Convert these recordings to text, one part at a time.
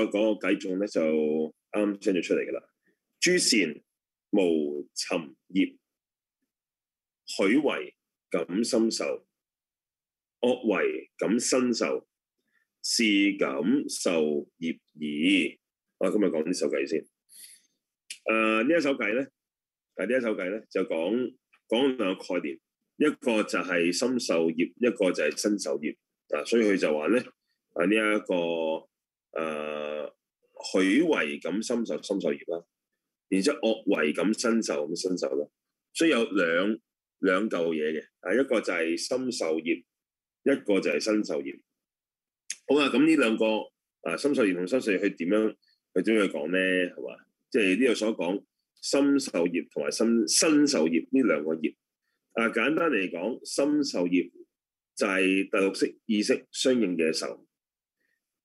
我講個偈頌咧就啱聽咗出嚟噶啦。諸善無尋業，許唯感心受，惡唯感身受，是感受業異。我、啊、今日講首、呃、首呢首偈先。誒，呢一首偈咧，係呢一首偈咧，就講講兩個概念，一個就係心受業，一個就係身受業。啊，所以佢就話咧，喺呢一個。誒，許唯感心受心受業啦，而且惡唯感身受咁身受啦，所以有兩兩嚿嘢嘅，啊一個就係心受業，一個就係身受業。好啊咁呢兩個啊心受業同身受業樣，佢點樣佢點樣講咧？係嘛，即係呢度所講心受業同埋身身受業呢兩個業，啊簡單嚟講，心受業就係第六識意識相應嘅受。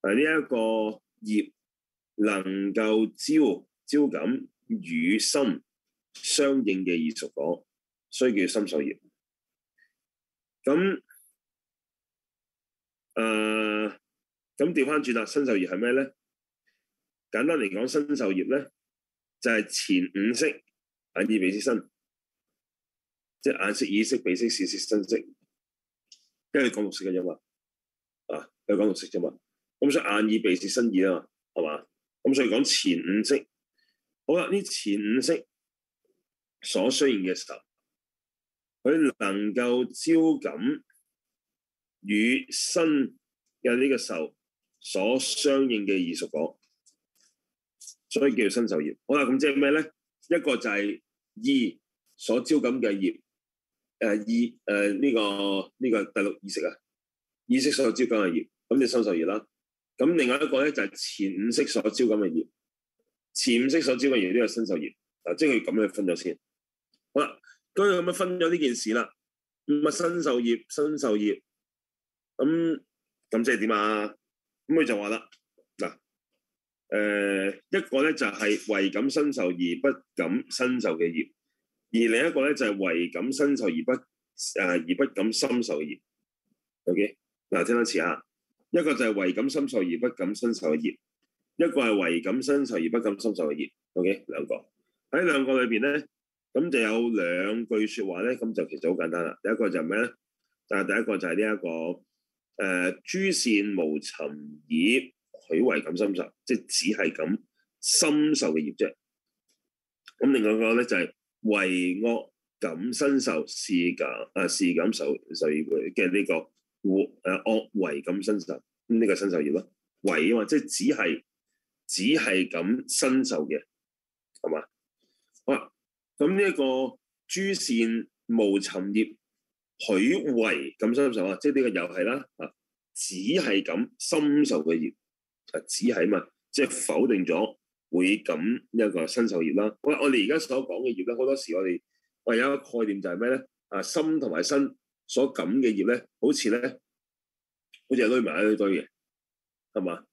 啊！呢一個業能夠招招感與心相應嘅異熟果，所以叫心受業。咁誒，咁、呃、調返轉啦，身受業係咩咧？簡單嚟講，身受業咧就係、是、前五識眼、耳、鼻、舌、身，即係眼識、耳識、鼻識、舌識、身識，跟住講六識嘅嘢嘛，啊，有講六識嘅嘢嘛。咁所以眼耳鼻舌身意啦，係嘛？咁所以講前五識。好啦，呢前五識所相應嘅受，佢能夠招感與身嘅呢個受所相應嘅異熟果，所以叫做身受業。好啦，咁即係咩咧？一個就係意所招感嘅業，誒意誒呢個呢個呢個第六意識啊，意識所招感嘅業，咁就心受業啦。咁另外一個咧就係前五識所招咁嘅業，前五識所招嘅業都有身受業，嗱即係佢咁樣分咗先，好啦，咁樣分咗呢件事啦，咁啊身受業身受業，咁、嗯、咁即係點啊？咁佢就話啦，嗱、啊，誒、呃、一個咧就係、是、唯感心受而不感身受嘅業，而另一個咧就係、是、唯感身受而不誒、啊、而不感心受嘅業，ok，嗱聽多次吓。一個就係唯感心受而不感身受嘅業，一個係唯感身受而不感心受嘅業。OK，兩個喺兩個裏邊咧，咁就有兩句説話咧，咁就其實好簡單啦。第一個就係咩咧？啊、呃，第一個就係呢一個誒，諸善無尋業，許唯感心受，即係只係感心受嘅業啫。咁另外一個咧就係唯惡感身受，是感啊，是感受受業嘅呢、這個。惡誒惡為咁身受咁呢、這個身受業咯，為啊嘛即係只係只係咁身受嘅係嘛？好啦，咁呢一個諸善無尋業許為咁心受啊，即係呢個又係啦啊，只係咁心受嘅業啊，只係啊嘛，即係否定咗會咁一個身受業啦。好啦，我我哋而家所講嘅業咧，好多時我哋我哋有一個概念就係咩咧？啊，心同埋身。所咁嘅業咧，好似咧，好似係堆埋一堆嘅，係嘛？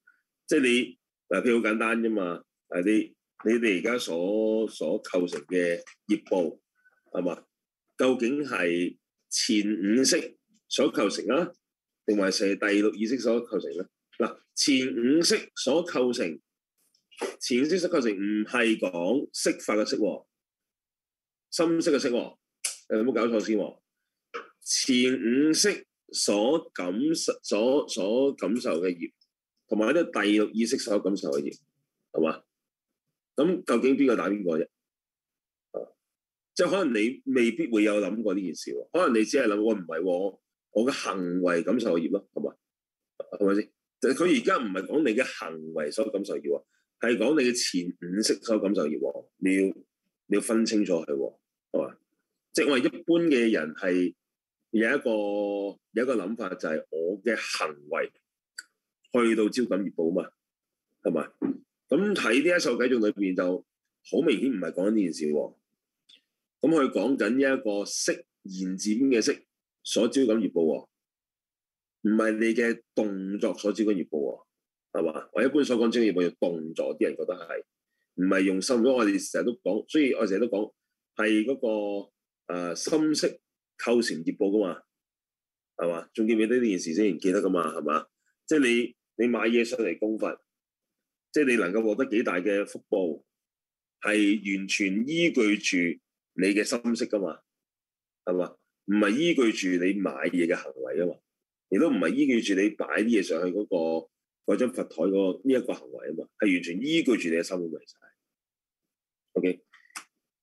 即係你嗱，譬如好簡單啫嘛，係你你哋而家所所構成嘅業報係嘛？究竟係前五識所構成啦、啊，定還是第六意識所構成咧？嗱，前五識所構成，前五識所構成唔係講色法嘅色喎，深色嘅色喎，有冇搞錯先、啊、喎。前五識所感受、所所感受嘅業，同埋呢個第六意識所感受嘅業，係嘛？咁究竟邊個打邊個啫？即係可能你未必會有諗過呢件事，可能你只係諗、哦、我唔係我我嘅行為感受嘅業咯，係嘛？係咪先？佢而家唔係講你嘅行為所感受嘅業，係講你嘅前五識所感受嘅業，你要你要分清楚係，係嘛？即係我哋一般嘅人係。有一個有一個諗法就係我嘅行為去到招感業報啊嘛，係咪？咁睇呢一首偈頌裏邊就好明顯唔係講緊呢件事喎、啊，咁佢講緊一個識，言字邊嘅識所招感業報，唔係你嘅動作所招感業報啊，係嘛？我一般所講招感業報嘅動作，啲人覺得係，唔係用心。咁我哋成日都講，所以我成日都講係嗰個誒心識。呃心識構成業報噶嘛，係嘛？仲記唔記得呢件事先？記得噶嘛，係嘛？即係你你買嘢上嚟供佛，即係你能夠獲得幾大嘅福報，係完全依據住你嘅心識噶嘛，係嘛？唔係依據住你買嘢嘅行為啊嘛，亦都唔係依據住你擺啲嘢上去嗰、嗰個嗰張佛台個呢一個行為啊嘛，係完全依據住你嘅心識嚟曬。OK，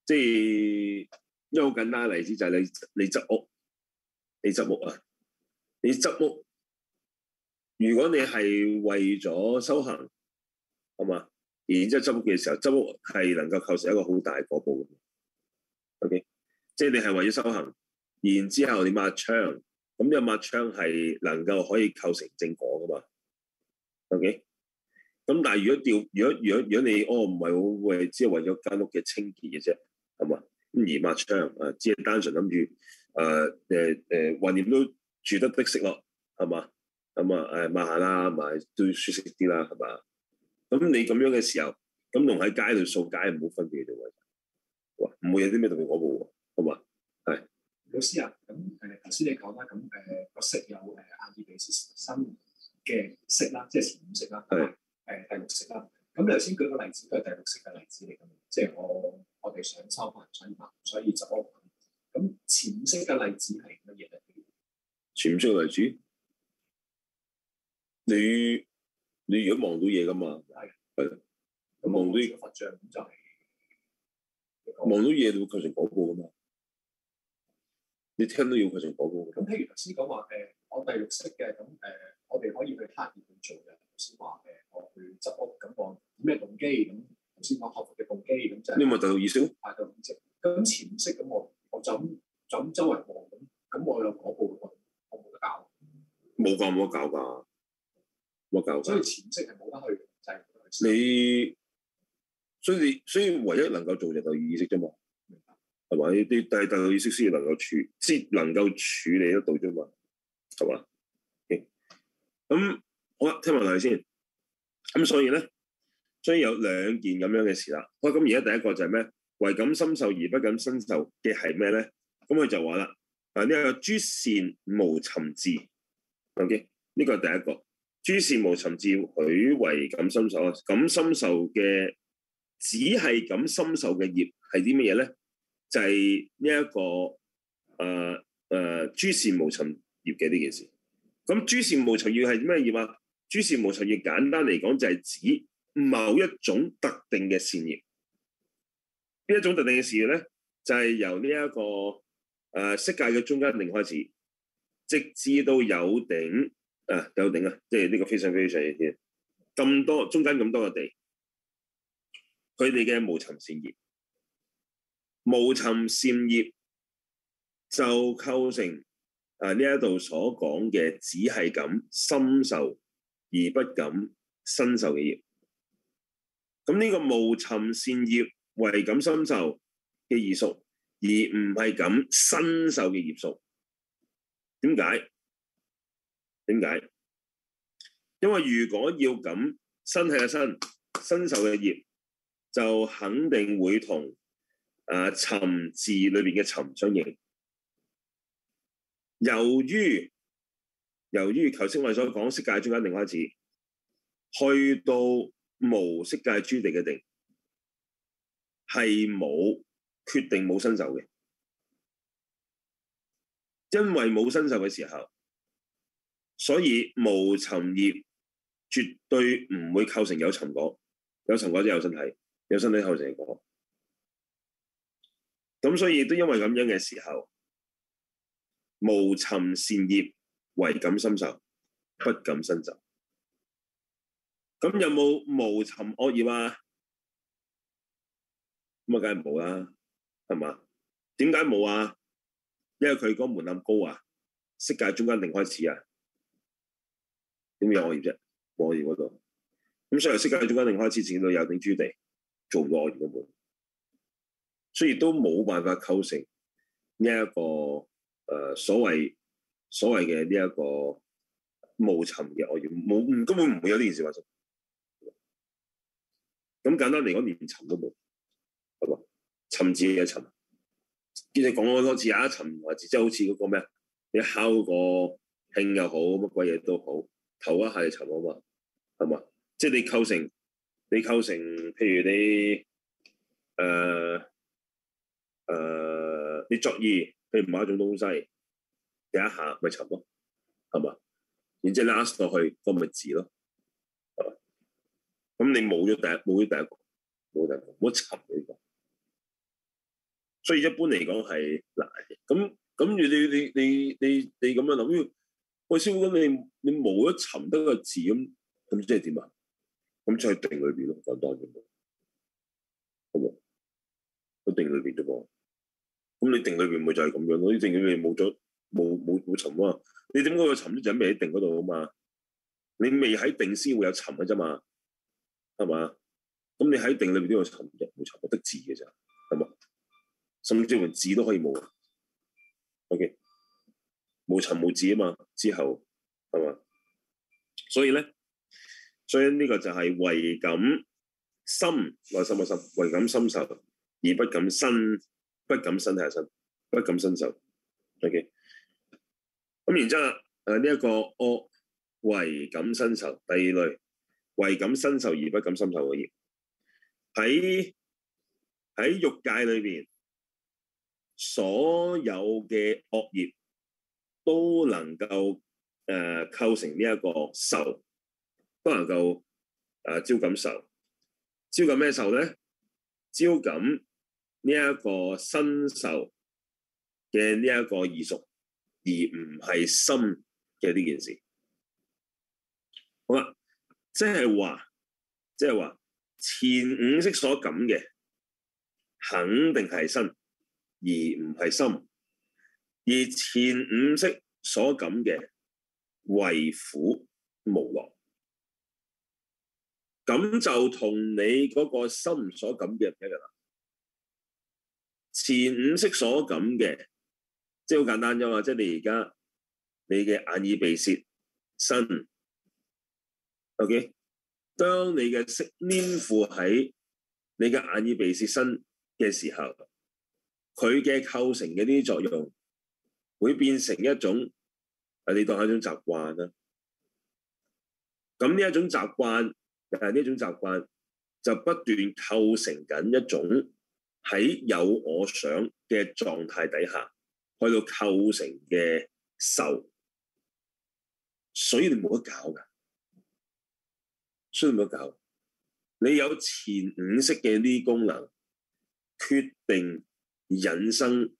即係。因為好簡單嘅例子就係你你執屋，你執屋啊，你執屋。如果你係為咗修行，係嘛？然之後執屋嘅時候，執屋係能夠構成一個好大果報嘅。O.K.，即係你係為咗修行，然之後你抹窗，咁呢抹窗係能夠可以構成正果噶嘛？O.K.，咁但係如果掉，如果如果如果你哦唔係為即係為咗間屋嘅清潔嘅啫，係嘛？而抹槍啊，只係單純諗住誒誒誒，橫、呃、掂、呃呃、都住得,得、嗯、的適咯，係嘛？咁啊誒，抹下啦，咪都舒適啲啦，係嘛？咁你咁樣嘅時候，咁同喺街度掃街係冇分別嘅喎，唔、呃、會有啲咩特別嘅喎，係嘛？係老師啊，咁誒頭先你講啦，咁誒個色有誒阿爾卑斯山嘅色啦，即係前五色啦，係、啊、誒是、呃、第六色啦。咁你頭先舉個例子都係第六色嘅例子嚟㗎，即係我。我哋想收還想賺，所以執屋。咁淺色嘅例子係乜嘢咧？淺色嘅例子，你你如果望到嘢噶嘛？係係的。咁望到佛像咁就係望、那個、到嘢你會變成嗰個啊嘛。你聽到要變成嗰個。咁譬如頭先講話誒，我第六式嘅咁誒，我哋可以去黑業做嘅。頭先話誒，我去執屋，咁我有咩動機咁？先講學習嘅動機，咁就是、你咪第六意識，第六、啊、意識咁潛識咁我我就咁就咁周圍望咁咁我有嗰部我冇得搞，冇搞冇得搞噶，冇得搞、就是。所以潛識係冇得去制。你所以所以唯一能夠做就第六意識啫嘛，明白？係咪？啲但係第六意識先能夠處先能夠處理得到啫嘛，係嘛？咁、okay. 好啦，聽埋嚟先。咁所以咧。所以有兩件咁樣嘅事啦。咁而家第一個就係咩？唯感心受而不感身受嘅係咩咧？咁佢就話啦：，誒、這、呢個諸善無尋至。OK，呢個係第一個。諸善無尋至，許唯感心受。感心受嘅，只係感心受嘅業係啲咩嘢咧？就係呢一個誒誒諸善無尋業嘅呢件事。咁諸善無尋業係咩業啊？諸善無尋業簡單嚟講就係指。某一種特定嘅善業，呢一種特定嘅善業咧，就係、是、由呢、這、一個誒、呃、色界嘅中間定開始，直至到有頂啊有頂啊，即係呢個非常非常嘅嘢。咁多中間咁多嘅地，佢哋嘅無尋善業，無尋善業就構成啊呢一度所講嘅只係感心受而不感身受嘅業。咁呢個無尋善業為感心受嘅異熟，而唔係咁身受嘅業熟。點解？點解？因為如果要咁身受嘅身，身受嘅業就肯定會同誒尋、啊、字裏邊嘅尋相應。由於由於頭先我哋所講色界中間定開始，去到，無色界諸地嘅定係冇，決定冇身受嘅，因為冇身受嘅時候，所以無尋業絕對唔會構成有尋果，有尋果即有身體，有身體構成果。咁所以都因為咁樣嘅時候，無尋善業唯感心受，不感身受。咁有冇無尋惡業啊？咁啊，梗係冇啦，係嘛？點解冇啊？因為佢嗰個門檻高啊，色界中間定開始啊，點有惡業啫？冇惡業嗰度，咁所以色界中間定開始，直到有頂諸地，做唔到惡業嘅門，所以都冇辦法構成呢一個誒、呃、所謂所謂嘅呢一個無尋嘅惡業，冇根本唔會有呢件事發生。咁簡單嚟講，連尋都冇，係嘛？尋字一尋，見你講好多次，有一尋或者即係好似嗰個咩？你敲個磬又好，乜鬼嘢都好，投一下就尋啊嘛，係嘛？即係你構成，你構成，譬如你誒誒、呃呃，你作意，譬如買一種東西，跌一,一下咪尋咯，係嘛？然之後你 ask 落去，咁咪伺咯。咁你冇咗第一，冇咗第一個，冇第一個冇尋呢個，所以一般嚟講係難嘅。咁咁你你你你你咁樣諗，喂，小虎哥，你你冇咗尋得個字咁，咁即係點啊？咁就喺定裏邊咯，講多啲。好冇？喺定裏邊啫噃。咁你定裏邊咪就係咁樣咯？你定裏邊冇咗冇冇冇尋喎。你點解會尋就係未喺定嗰度啊嘛？你未喺、就是、定先會有尋嘅啫嘛。係嘛？咁你喺定裏邊都有尋啫，冇尋冇得伺嘅咋，係嘛？甚至乎伺都可以冇。O.K. 冇尋冇伺啊嘛，之後係嘛？所以咧，所以呢所以個就係唯感心，內心嘅心，唯感心受，而不感身，不感身下身，不感身受。O.K. 咁然之後，誒呢一個惡唯、哦、感身受，第二類。唯感身受而不感心受嘅業，喺喺欲界裏邊，所有嘅惡業都能夠誒、呃、構成呢一個受，都能夠誒招感受，招感咩受咧？招感呢一個身受嘅呢一個異熟，而唔係心嘅呢件事。好啦。即係話，即係話，就是、前五識所感嘅肯定係身，而唔係心；而前五識所感嘅為苦無樂，咁就同你嗰個心所感嘅一樣啦。前五識所感嘅，即係好簡單啫嘛，即、就、係、是、你而家你嘅眼耳鼻舌身。O.K. 當你嘅色黏附喺你嘅眼耳鼻舌身嘅時候，佢嘅構成嘅呢啲作用，會變成一種，你當係一種習慣啦。咁呢一種習慣，呢、啊、一種習慣就不斷構成緊一種喺有我想嘅狀態底下去到構成嘅受，所以你冇得搞㗎。需唔要教，你有前五識嘅呢啲功能，決定引生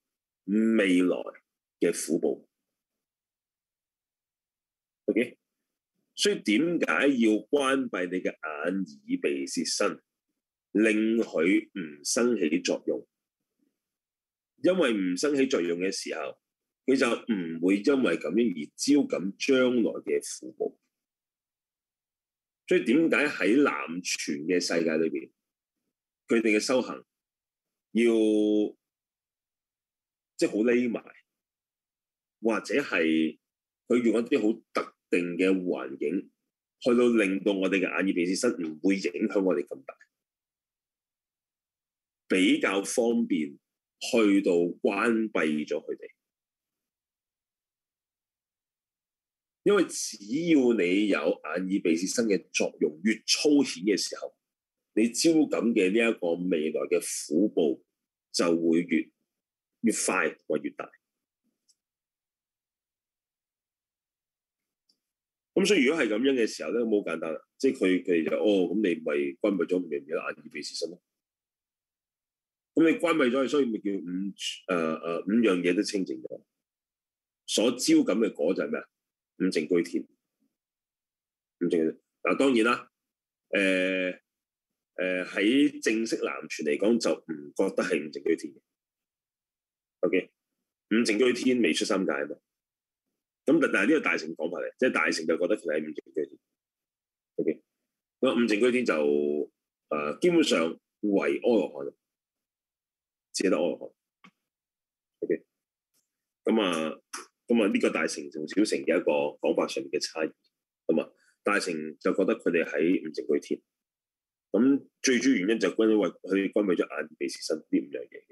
未來嘅苦報。O、okay? K，所以點解要關閉你嘅眼耳鼻舌身，令佢唔生起作用？因為唔生起作用嘅時候，佢就唔會因為咁樣而招感將來嘅苦報。所以點解喺南傳嘅世界裏邊，佢哋嘅修行要即係好匿埋，或者係佢用一啲好特定嘅環境，去到令到我哋嘅眼耳鼻舌身唔會影響我哋咁大，比較方便去到關閉咗佢哋。因為只要你有眼耳鼻舌身嘅作用越粗淺嘅時候，你招感嘅呢一個未來嘅苦報就會越越快或越大。咁所以如果係咁樣嘅時候咧，好簡單啦，即係佢佢就哦，咁你咪關閉咗五味啦，你眼耳鼻舌身咯。咁你關閉咗，所以咪叫五誒誒、呃、五樣嘢都清淨咗。所招感嘅果就係咩啊？五淨居天，五淨嗱，當然啦，誒、呃、誒，喺、呃、正式南傳嚟講就唔覺得係五淨居天嘅。O.K. 五淨居天未出三界啊嘛，咁但但係呢個大乘講法嚟，即、就、係、是、大乘就覺得其實係五淨居天。O.K. 咁五淨居天就誒、呃，基本上唯阿羅漢，只係得阿羅漢。O.K. 咁啊。咁啊，呢個大城同小城嘅一個講法上面嘅差異，咁啊，大城就覺得佢哋喺唔城巨鐵，咁最主要原因就係因為佢關閉咗眼鼻舌身啲五樣嘢。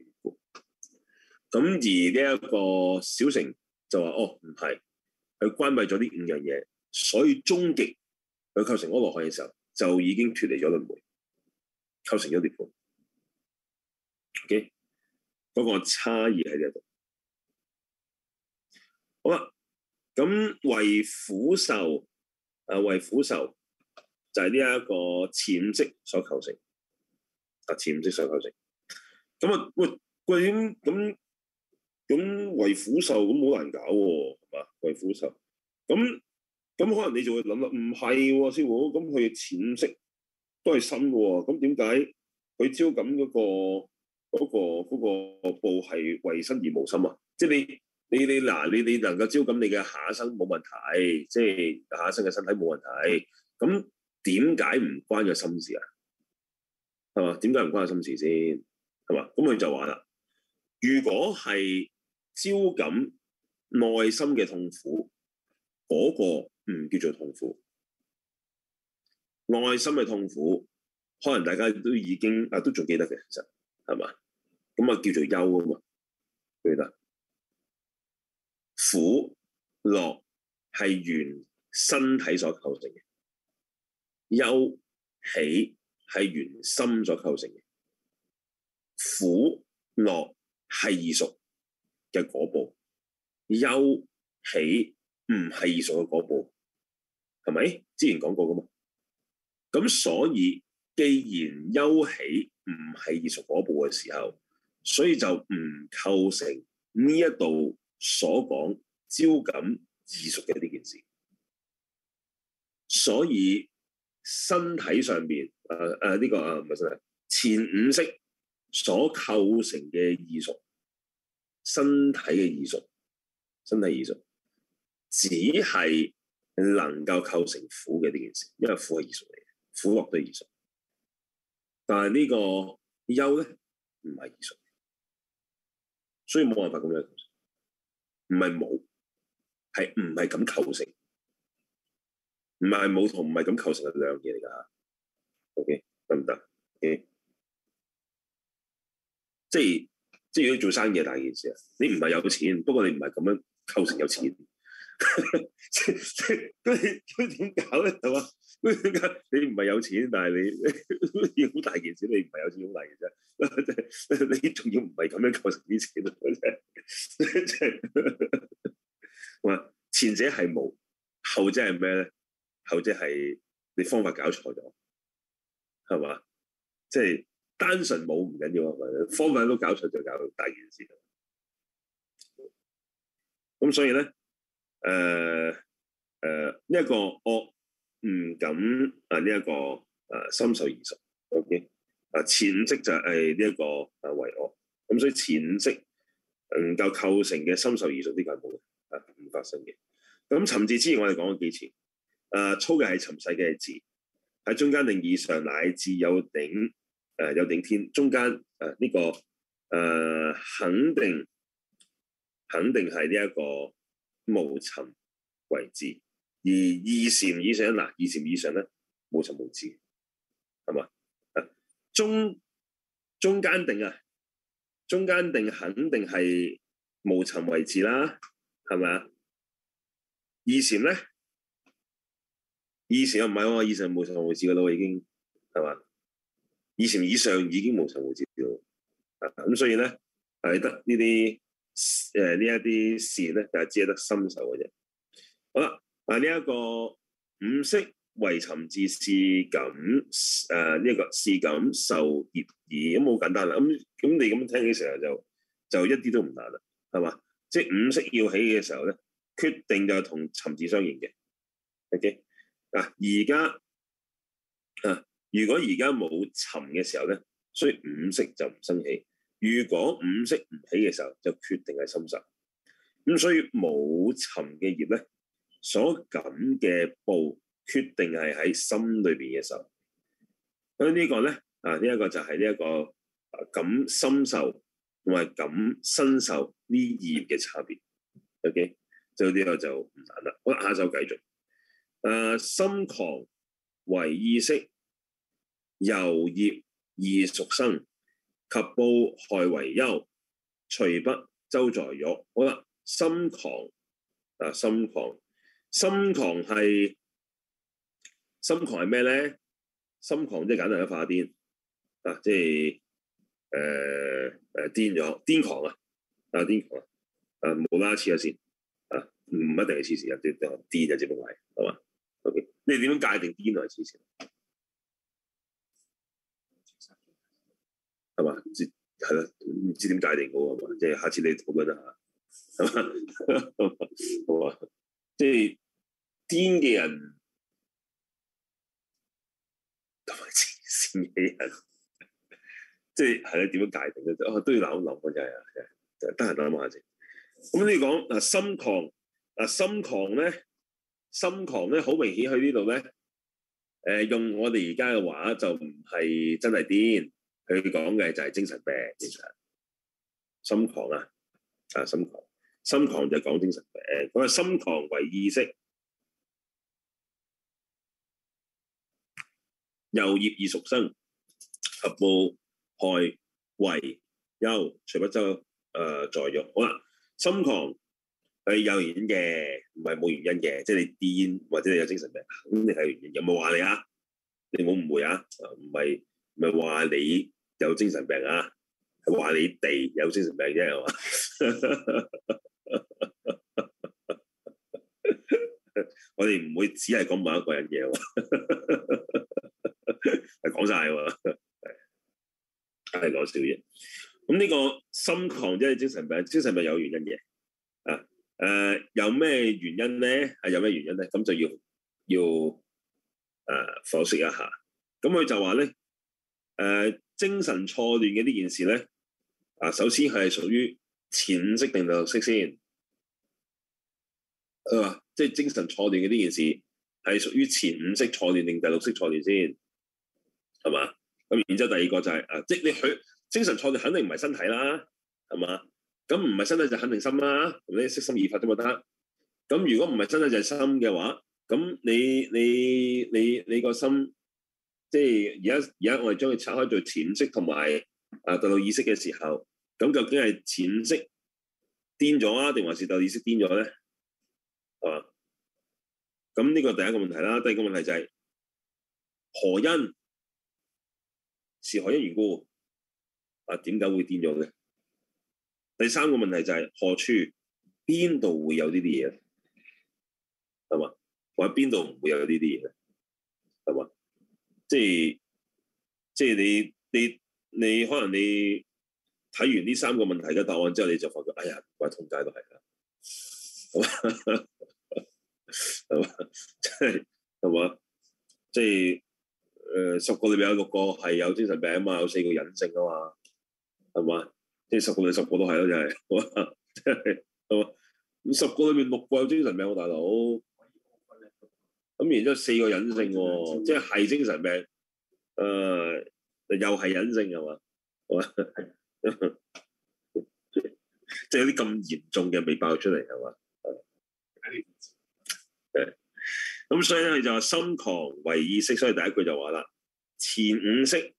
咁而呢一個小城就話：哦，唔係，佢關閉咗呢五樣嘢，所以終極佢構成阿羅漢嘅時候，就已經脫離咗輪迴，構成咗涅槃。OK，個差異喺呢度。好啦，咁為苦受，啊為苦受就係呢一個潛色所構成，啊潛積所構成。咁啊喂，咁咁咁為苦受咁好難搞係嘛？為苦受，咁咁可能你就會諗啦，唔係師傅，咁佢潛色都係深嘅，咁點解佢招咁嗰個嗰、嗰個嗰、嗰個報係為身而無心啊？即係你。你你嗱，你你能夠招感你嘅下一生冇問題，即係下一生嘅身體冇問題。咁點解唔關個心事啊？係嘛？點解唔關個心事先？係嘛？咁佢就話啦，如果係招感內心嘅痛苦，嗰個唔叫做痛苦。內心嘅痛苦，可能大家都已經啊，都仲記得嘅，其實係嘛？咁啊，叫做憂啊嘛，記得。苦樂係原身體所構成嘅，憂喜係原心所構成嘅。苦樂係異熟嘅果報，憂喜唔係異熟嘅果報，係咪？之前講過噶嘛？咁所以，既然憂喜唔係異熟果報嘅時候，所以就唔構成呢一度所講焦感異熟嘅呢件事，所以身體上邊誒誒呢個啊唔係真啊，前五識所構成嘅異熟，身體嘅異熟，身體異熟，只係能夠構成苦嘅呢件事，因為苦係異熟嚟嘅，苦樂都異熟，但係呢個憂呢唔係異熟，所以冇辦法咁樣構成，唔係冇。係唔係咁構成？唔係冇同，唔係咁構成嘅兩嘢嚟㗎。O K，得唔得？即係即係，如果做生意大件事啊，你唔係有錢，不過你唔係咁樣構成有錢。即即咁點搞咧？係嘛？咁點解你唔係有錢？但係你要好 大件事，你唔係有錢好大件事。 即係、你仲要唔係咁樣構成啲錢㗎啫？ 即係 前者係冇，後者係咩咧？後者係你方法搞錯咗，係嘛？即係單純冇唔緊要啊，方法都搞錯就搞到大件事。咁所以咧，誒誒呢一個惡唔感啊呢一個啊心受異熟。O.K. 啊前五識就係呢一個啊為惡。咁所以前五識能夠構成嘅心受異熟呢個係冇發生嘅，咁尋伺之前我哋講咗幾次？誒、呃，粗嘅係尋，細嘅伺，喺中間定以上乃至有頂誒、呃，有頂天中間誒呢個誒、呃、肯定肯定係呢一個無尋唯伺，而二禪以上嗱、啊，二禪以上咧無尋無伺，係嘛、啊？中中間定啊，中間定肯定係無尋唯伺啦，係咪啊？以前咧，以前又唔係喎，以前無尋無伺嘅啦，已經係嘛？以前以上已經無尋無伺嘅啦，咁、啊、所以咧係得呢啲誒、呃、呢一啲事咧，就係只係得心受嘅啫。好啦，嗱，呢一個五識唯尋伺，是感誒呢一個是感受業異，咁好簡單啦，咁咁你咁樣聽嘅時候就就一啲都唔難啦，係嘛？即係五識要起嘅時候咧。決定就係同尋伺相應嘅，OK 嗱，而家啊，如果而家冇尋嘅時候咧，所以五識就唔生起；如果五識唔起嘅時候，就決定係心受。咁所以冇尋嘅業咧，所感嘅報決定係喺心裏邊嘅受。咁呢個咧啊，呢、這、一個就係呢一個感心受同埋感身受呢業嘅差別，OK。就呢個就唔難啦，好啦，下首繼續。誒，心狂唯意識，由業異熟生，及怖害違憂，除北洲在欲。好啦、啊心狂心狂，心狂，啊心狂，心狂係心狂係咩咧？心狂即係簡單一化癲，啊，即係誒誒癲咗，癲狂啊、呃，啊癲狂啊，啊冇啦，黐下先。唔一定係痴線人，最當癲嘅只部位，好嘛？O K，你點樣界定癲內痴線？係嘛？係啦，唔知點界定嘅喎，即係下次你討論下，係嘛？好嘛？即係癲嘅人同埋痴線嘅人，即係係啦。點樣界定咧？哦，都要諗諗翻嘅，係啊，得閒諗下先。咁你講，嗱心狂。啊，心狂咧，心狂咧，好明顯去呢度咧。誒，用我哋而家嘅話就唔係真係癲，佢講嘅就係精神病其實。心狂啊，啊，心狂，心狂就講精神病。我心狂唯意識，由業異熟生，及怖害違憂，除北洲誒、呃、在欲。好啦，心狂。佢有原因嘅，唔係冇原因嘅。即係你癲，或者你有精神病，肯定係有冇話你啊？你唔好誤會啊？唔係唔係話你有精神病啊？係話你哋有精神病啫，係嘛？ 我哋唔會只係講某一個人嘅，係講晒喎。係講笑嘢。咁呢、這個心狂即係精神病，精神病有原因嘅啊。誒、呃，有咩原因咧？係有咩原因咧？咁就要要誒剖析一下。咁佢就話咧，誒、呃，精神錯亂嘅呢件事咧，啊、呃，首先係屬於前五識定第六識先。佢話即係精神錯亂嘅呢件事係屬於前五識錯亂定第六識錯亂先，係嘛？咁然之後第二個就係、是、啊，即係你佢精神錯亂肯定唔係身體啦，係嘛？咁唔係身咧就肯定心啦，啊，或者色心二法都冇得。咁如果唔係身咧就係心嘅話，咁你你你你個心，即係而家而家我哋將佢拆開做潛色同埋啊第六意識嘅時候，咁究竟係潛色癲咗啊，定還是第六意識癲咗咧？啊，咁呢個第一個問題啦，第二個問題就係、是、何因是何因緣故啊？點解會癲咗嘅？第三個問題就係、是、何處，邊度會有這些呢啲嘢？啊，係嘛？或者邊度唔會有這些呢啲嘢咧？係嘛？即係即係你你你可能你睇完呢三個問題嘅答案之後，你就發覺哎呀，怪通街都係啦，係嘛？ 即係係嘛？即係誒，十、呃、個裏邊有六個係有精神病啊嘛，有四個隱性啊嘛，係嘛？即係十個裏十個都係咯，就係，好即係，好啊，五十個裏邊六個有精神病，大佬，咁然之後四個隱性，即係係精神病，誒、呃，又係隱性係嘛，好即係 有啲咁嚴重嘅未爆出嚟係嘛，係，咁所以咧你就話心狂唯意識，所以第一句就話啦，前五識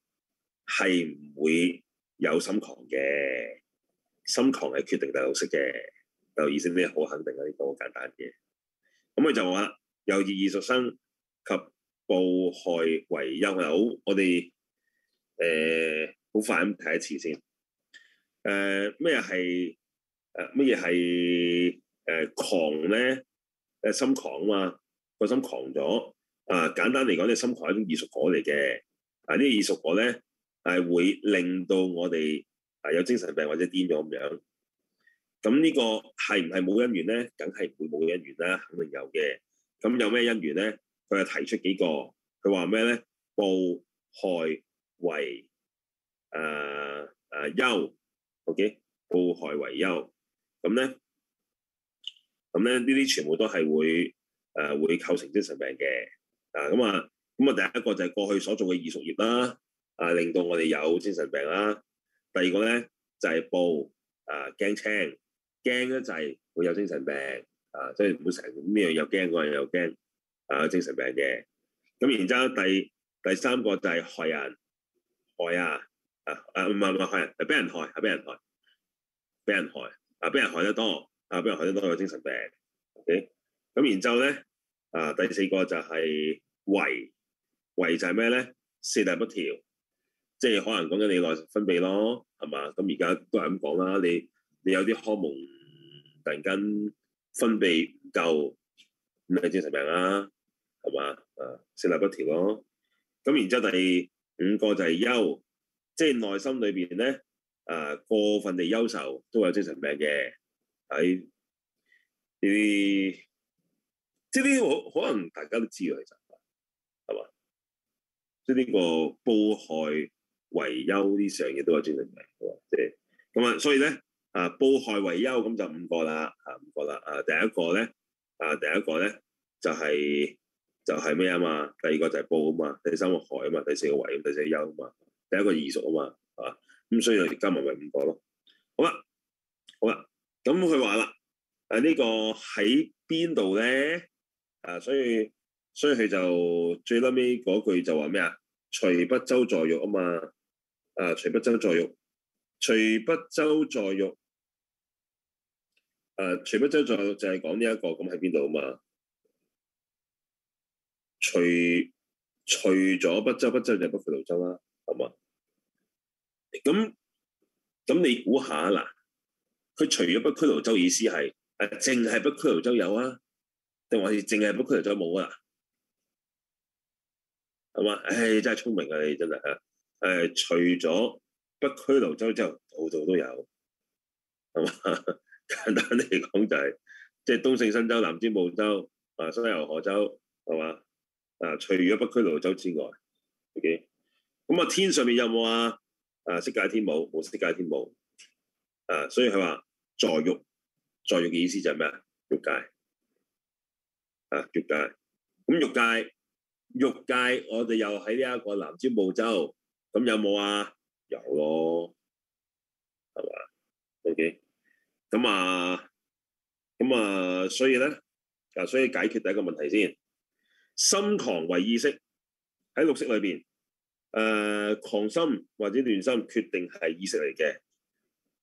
係唔會。有心狂嘅，心狂係決定第六識嘅，第六意識呢好肯定嘅，呢個好簡單嘅，咁、嗯、佢就話啦，由業異熟生及怖害違憂啊！好、嗯，我哋誒好快咁睇一次先。誒咩係誒咩嘢係誒狂咧？誒心狂啊嘛，個心狂咗啊！簡單嚟講，呢心狂係一種異熟果嚟嘅，啊異熟呢異熟果咧。係會令到我哋啊有精神病或者癲咗咁樣，咁呢個係唔係冇因緣咧？梗係唔會冇因緣啦，肯定有嘅。咁有咩因緣咧？佢係提出幾個，佢話咩咧？怖害違誒誒憂，ok，怖害違憂，咁咧，咁咧呢啲全部都係會誒、呃、會構成精神病嘅。啊咁啊咁啊，第一個就係過去所做嘅異熟業啦。啊！令到我哋有精神病啦。第二個咧就係報啊，驚青驚咧就係會有精神病啊，即係、就是啊、會成呢、啊、樣又驚，嗰樣又驚啊，精神病嘅。咁然之後第，第第三個就係害人害啊啊啊唔唔唔害人，係俾人害係俾人害俾人害啊！俾、啊人，人，人，人,啊、人害得多啊！俾人害得多有精神病。O K，咁然之後咧啊，第四個就係違。違就係咩咧？四大不調。即係可能講緊你的內分泌咯，係嘛？咁而家都係咁講啦。你你有啲荷蒙突然間分泌唔夠，咪精神病啦、啊，係嘛？啊，食鈉不調四大不調咯。咁然之後第五個就係憂，即係內心裏邊咧，啊過分地憂愁都有精神病嘅喺呢啲，即係呢個可能大家都知㗎，其實係嘛？即係呢個怖害。違憂呢上嘢都係最明嘅，即係咁啊，所以咧啊，怖害違憂，咁就五個啦，啊五個啦，啊第一個咧啊第一個咧就係、是、就係咩啊嘛，第二個就係怖啊嘛，第三個害啊嘛，第四個違，第四個憂啊嘛，第一個異熟啊嘛啊，咁所以就加埋咪五個咯，好啦好啦，咁佢話啦，誒呢個喺邊度咧？啊，所以所以佢就最屘尾嗰句就話咩啊？除北洲在欲啊嘛，啊除北洲在欲，除北洲在欲，啊除北洲在欲就係講呢、這、一個咁喺邊度啊嘛？除除咗北洲，北洲就係北俱盧洲啦，係嘛？咁咁你估下啦，佢除咗北俱盧洲意思係啊，淨係北俱盧洲有啊，定還是淨係北俱盧洲冇啊？係嘛？唉、哎，真係聰明啊！你真係嚇、啊。除咗北俱盧洲之後，度度都有。係嘛？簡單嚟講就係、是，即、就、係、是、東勝身洲、南贍部洲、啊西牛貨洲，係嘛？啊，除咗北俱盧洲之外，係咁啊，天上面有冇啊？啊，色界天冇，無色界天冇。啊，所以佢話在欲，在欲嘅意思就係咩啊？欲界。啊，欲界。咁欲界。欲界，我哋又喺呢一個南贍部洲，咁有冇啊？有咯，係嘛？O K，咁啊，咁、okay. 啊，所以咧，啊，所以解決第一個問題先，心狂唯意識喺六識裏邊，誒、呃，狂心或者亂心決定係意識嚟嘅，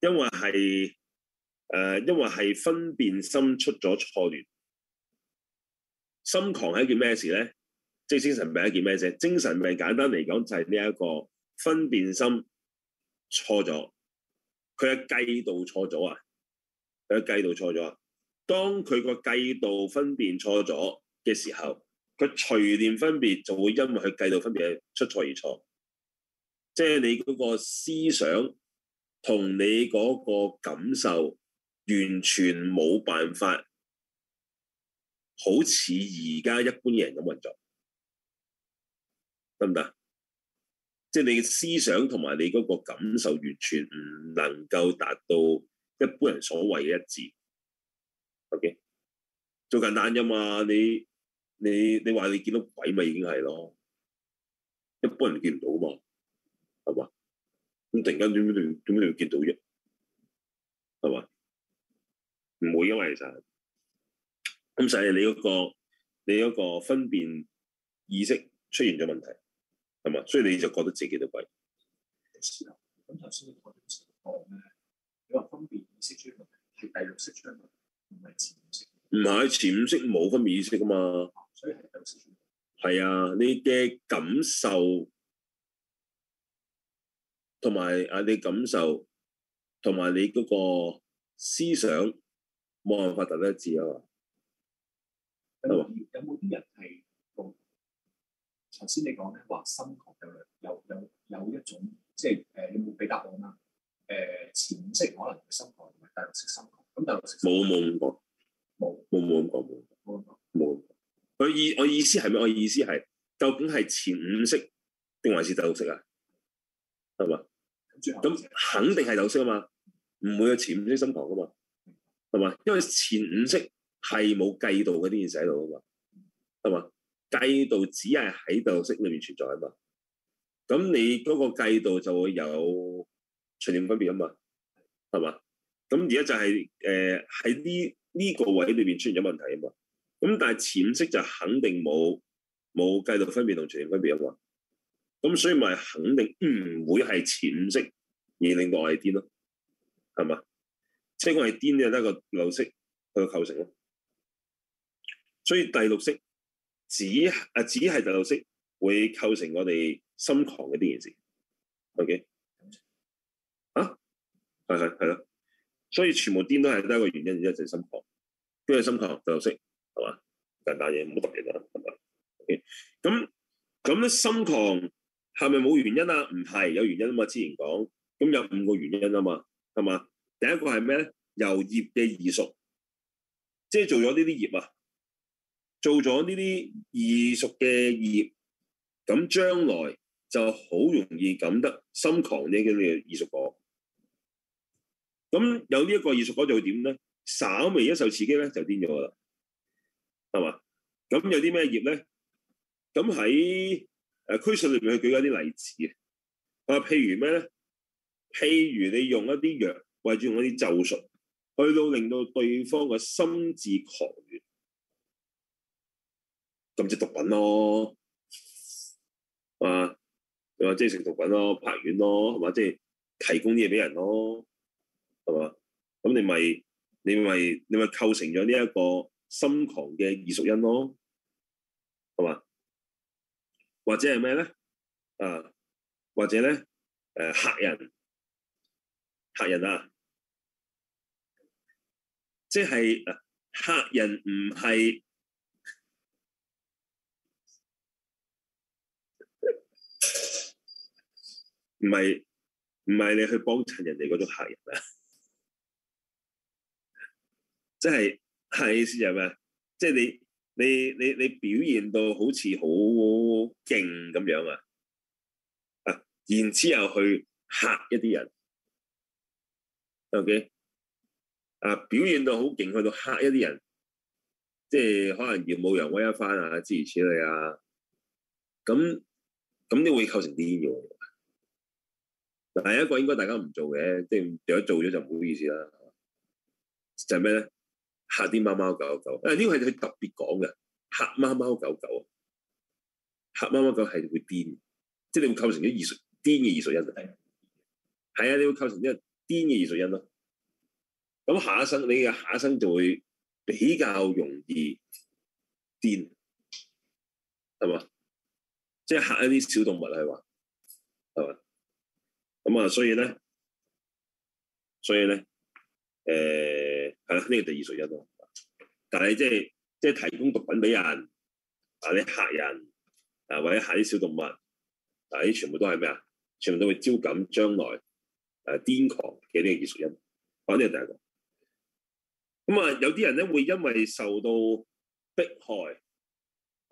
因為係誒、呃，因為係分別心出咗錯亂，心狂係一件咩事咧？即係精神病一件咩事？精神病簡單嚟講就係呢一個分辨心錯咗，佢嘅計度錯咗啊！佢嘅計度錯咗，當佢個計度分辨錯咗嘅時候，佢隨念分別就會因為佢計度分別出錯而錯。即係你嗰個思想同你嗰個感受完全冇辦法，好似而家一般嘅人咁運作。得唔得，即係、就是、你嘅思想同埋你嗰個感受完全唔能夠達到一般人所謂嘅一致。OK，最簡單啫嘛，你你你話你見到鬼咪已經係咯，一般人見唔到嘛，係嘛？咁突然間點解點點解會見到啫？係嘛？唔會因為其實咁就係你嗰、那個、你嗰個分辨意識出現咗問題。係嘛？所以你就覺得自己都貴。咁頭先分別意識出嚟，係第六意識出嚟，唔係第五意識。唔係，第五意識冇分別意識啊嘛。係 啊，你嘅感受同埋啊，你感受同埋你嗰個思想冇辦法達得一致啊頭先你講咧話，心狂有兩有有有一種即係誒，你有冇俾答案啦。誒，前五識可能係心狂同埋第六識心狂，咁就冇冇冇冇冇冇冇冇冇冇冇，佢意我意思係咪？我意思係究竟係前五識定還是第六識啊？係嘛？咁肯定係第六識啊嘛，唔會前五識心狂噶嘛，係嘛？因為前五識係冇計度嗰啲嘢喺度啊嘛，係嘛？計度只係喺六識那那度、就是呃這個、裏面存在啊嘛，咁你嗰個計度就會有隨念分別啊嘛，係嘛？咁而家就係誒喺呢呢個位裏邊出現咗問題啊嘛，咁但係前識就肯定冇冇計度分別同隨念分別啊嘛，咁所以咪肯定唔會係前識而令到我哋癲咯，係嘛？即係我係癲，只、那、得個六識去、那個、構成咯，所以第六識。只啊，只係六識會構成我哋心狂嘅啲嘢事。OK 啊，係係係咯，所以全部癲都係得一個原因，就係心狂。跟住心狂就六識係嘛？大嘢唔好得意啦。OK，咁咁咧，心狂係咪冇原因啊？唔係有原因啊嘛。之前講咁有五個原因啊嘛，係嘛？第一個係咩？由業嘅異熟，即係做咗呢啲業啊。做咗呢啲異熟嘅業，咁將來就好容易感得心狂呢啲嘅異熟果。咁有呢一個異熟果就會點咧？稍微一受刺激咧，就癲咗啦，係嘛？咁有啲咩業咧？咁喺誒區術裏邊佢舉咗一啲例子嘅。譬如咩咧？譬如你用一啲藥或者用一啲咒術，去到令到對方嘅心智狂亂。咁即係毒品咯，啊，又話即係食毒品咯、拍丸咯，係嘛？即係提供啲嘢俾人咯，係嘛？咁你咪你咪你咪構成咗呢一個心狂嘅異熟因咯，係嘛？或者係咩咧？啊，或者咧？誒、呃，客人，客人啊，即係客人唔係。唔係唔係你去幫襯人哋嗰種客人啊！即係係意思係咩啊？即係你你你你表現到好似好勁咁樣啊！啊，然之後去嚇一啲人，OK？啊，表現到好勁，去到嚇一啲人，即係可能耀武揚威一番啊，諸如此類啊。咁咁你會構成癲嘅。第一個應該大家唔做嘅，即係如果做咗就唔好意思啦。就係咩咧？嚇啲貓貓狗狗。誒、啊，呢、呢個係佢特別講嘅，嚇貓貓狗狗啊！嚇貓貓狗係會癲，即係你會構成咗異熟癲嘅異熟因素。係啊，你會構成啲癲嘅異熟因素咯。咁下一生你嘅下一生就會比較容易癲，係嘛？即係嚇一啲小動物係嘛？係嘛？係嘛？咁啊、嗯，所以咧，所以咧，誒係啦，呢、這個第二原因咯。但係即係即係提供毒品俾人啊、啲客人啊，或者嚇啲小動物但啲、啊、全部都係咩啊？全部都會招感將來誒、啊、癲狂嘅呢個異熟因。反啲係第一個。咁啊，有啲人咧會因為受到迫害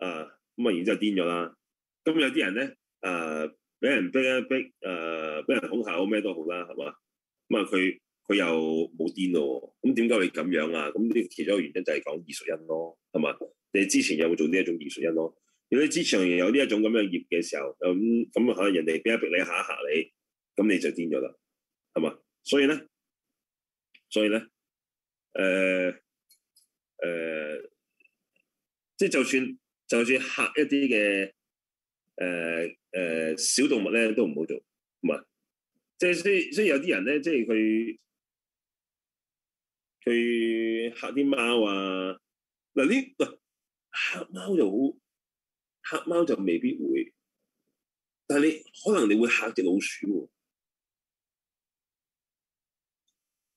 啊，咁啊，然之後癲咗啦。咁有啲人咧，誒。俾人逼一逼，誒、呃，俾人恐嚇，咩都好啦，係嘛？咁啊，佢佢又冇癲咯，咁點解會咁樣啊？咁呢？其中一個原因就係講異熟因咯，係嘛？你之前有冇做呢一種異熟因咯，如果你之前有呢一種咁樣業嘅時候，咁咁啊，可能人哋逼一逼你嚇一嚇你，咁你就癲咗啦，係嘛？所以咧，所以咧，誒、呃，誒、呃，即係就算就算嚇一啲嘅，誒、呃。誒、呃，小動物咧都唔好做，唔係，即係所以所以有啲人咧，即係佢佢嚇啲貓啊，嗱呢嗱嚇貓就好，嚇貓就未必會，但係你可能你會嚇隻老鼠喎、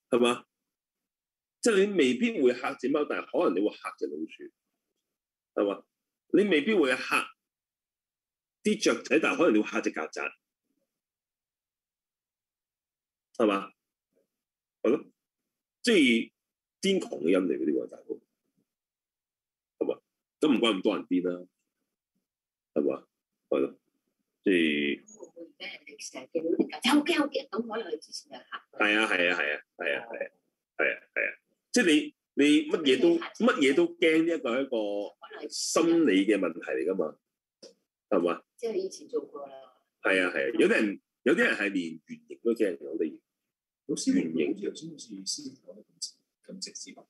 啊，係嘛？即、就、係、是、你未必會嚇隻貓，但係可能你會嚇隻老鼠，係嘛？你未必會嚇啲雀仔，但係可能你會嚇隻曱甴，係嘛？係咯，即係癲狂嘅因嚟嘅啲喎，大哥，係嘛？都唔怪咁多人癲啦，係嘛？係咯，即係好驚好驚，咁可能佢之前係啊係啊係啊係啊係啊係啊係啊！即係你你乜嘢都乜嘢都驚，呢一個係一個心理嘅問題嚟㗎嘛。係嘛？即係你以前做過啦。係啊係啊，啊嗯、有啲人有啲人係連原型都驚有講得原型，原型頭先好似預先講得唔止咁直視法。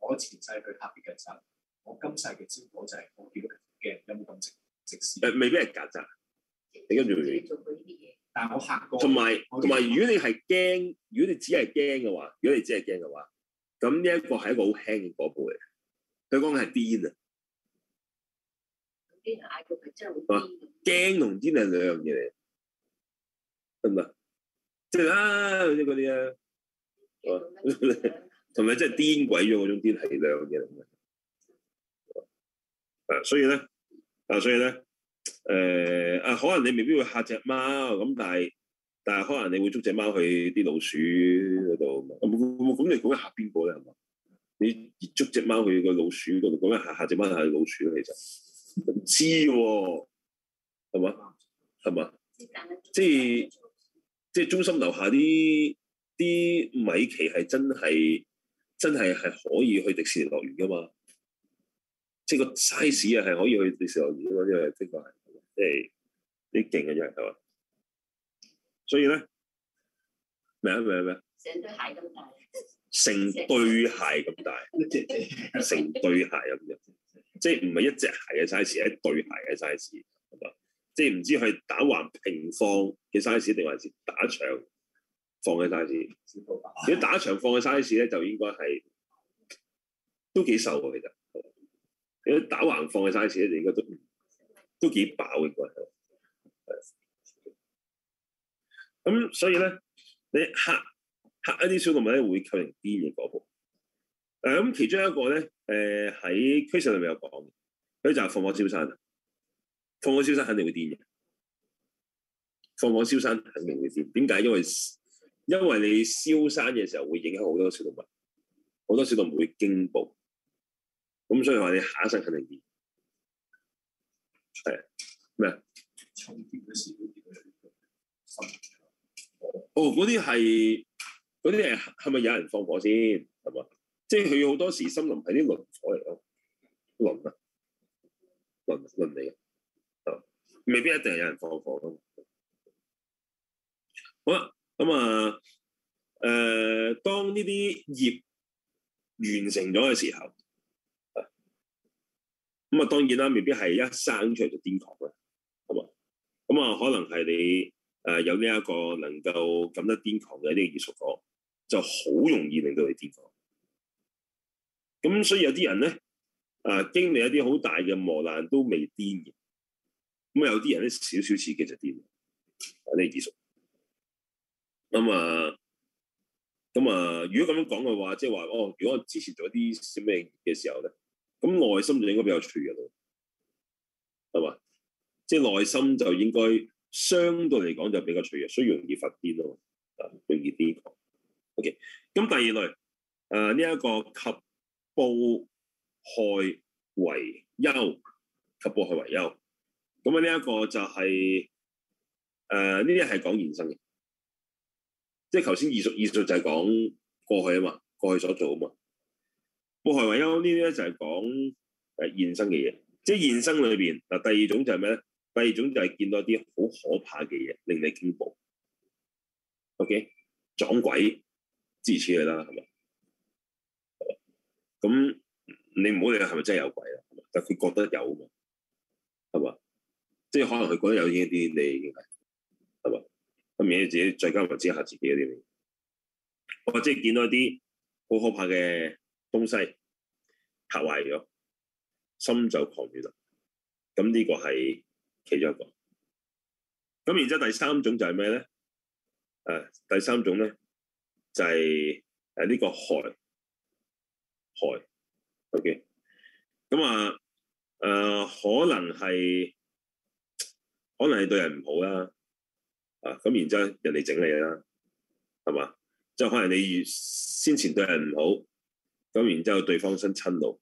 我前世佢特別緊張，我今世嘅結果就係我見到佢驚有冇咁直直視？誒、呃，未必係曱甴？就是、你跟住你做過呢啲嘢，但係我吓過。同埋同埋，如果你係驚，如果你只係驚嘅話，如果你只係驚嘅話，咁呢一個係一個好輕嘅有步嚟。佢講嘅係癲啊！驚同癲係兩樣嘢嚟，得唔得？即係啦，即嗰啲啊，同埋即係癲鬼咗嗰種癲係兩樣嘢嚟、啊。啊，所以咧，啊、呃，所以咧，誒啊，可能你未必會嚇隻貓，咁但係，但係可能你會捉隻貓去啲老鼠嗰度。咁、嗯、你講下邊個咧？你捉隻貓去個老鼠嗰度，咁樣嚇嚇隻貓嚇老鼠咧，其實。你唔知喎、啊，係嘛？係嘛？即係即係中心樓下啲啲米奇係真係真係係可以去迪士尼樂園噶嘛？即係個 size 啊，係可以去迪士尼樂園嗰啲係的確係，即係啲勁嘅啫係嘛？所以咧，明啊明啊咩啊？成對鞋咁大。成對鞋咁大，成對鞋咁樣， 即係唔係一隻鞋嘅 size，係一對鞋嘅 size，即係唔知係打橫平放嘅 size 定還是打長放嘅 size。你 打長放嘅 size 咧，就應該係都幾瘦嘅，其實。你打橫放嘅 size 咧，就應該都都幾飽嘅個。咁所以咧，你客。嚇一啲小動物咧會構成癲嘅嗰部。誒咁，其中一個咧，誒喺俱舍裏面有講嘅，佢就係放火燒山啊！放火燒山肯定會癲嘅，放火燒山肯定會癲。點解？因為因為你燒山嘅時候會影響好多小動物，好多小動物會驚怖，咁所以話你下一生肯定癲。係咩？哦，嗰啲係。嗰啲係，係咪有人放火先係嘛？即係佢好多時森林係啲林火嚟咯，林啊，林林嚟嘅，啊，未必一定係有人放火咯。好啦，咁、嗯、啊、誒、呃，當呢啲業完成咗嘅時候，咁啊、嗯，當然啦，未必係一生出嚟就癲狂啦，係嘛？咁、嗯、啊，可能係你誒有呢一個能夠感得癲狂嘅呢啲異熟果。就好容易令到你癲狂，咁所以有啲人咧，啊，經歷一啲好大嘅磨難都未癲嘅，咁有啲人咧，少少刺激就癲，呢啲異熟。咁啊，咁啊，如果咁樣講嘅話，即係話哦，如果我之前做咗啲咩嘅時候咧，咁內心就應該比較脆弱，係嘛？即係內心就應該相對嚟講就比較脆弱，所以容易發癲咯，啊，容易癲 O.K.，咁第二類，誒呢一個及怖害違憂，及怖害違憂，咁啊呢一個就係誒呢啲係講現生嘅，即係頭先異熟異熟就係講過去啊嘛，過去所做啊嘛，怖害違憂呢啲咧就係講誒現生嘅嘢，即係現生裏邊，嗱第二種就係咩咧？第二種就係見到啲好可怕嘅嘢，令你驚怖。O.K. 撞鬼。支持佢啦，係嘛？係嘛？咁你唔好理係咪真係有鬼啦，但佢覺得有啊，係嘛？即係可能佢覺得有呢啲，你已經係係嘛？咁而家自己再加埋知下自己嗰啲，或即係見到一啲好可怕嘅東西嚇壞咗，心就狂亂啦。咁呢個係其中一個。咁然之後第三種就係咩咧？誒、啊，第三種咧。就係誒呢個害害，OK，咁啊誒可能係可能係對人唔好啦，啊咁然之後人哋整你啦，係嘛？即係可能你先前對人唔好，咁然之後對方生瞋怒，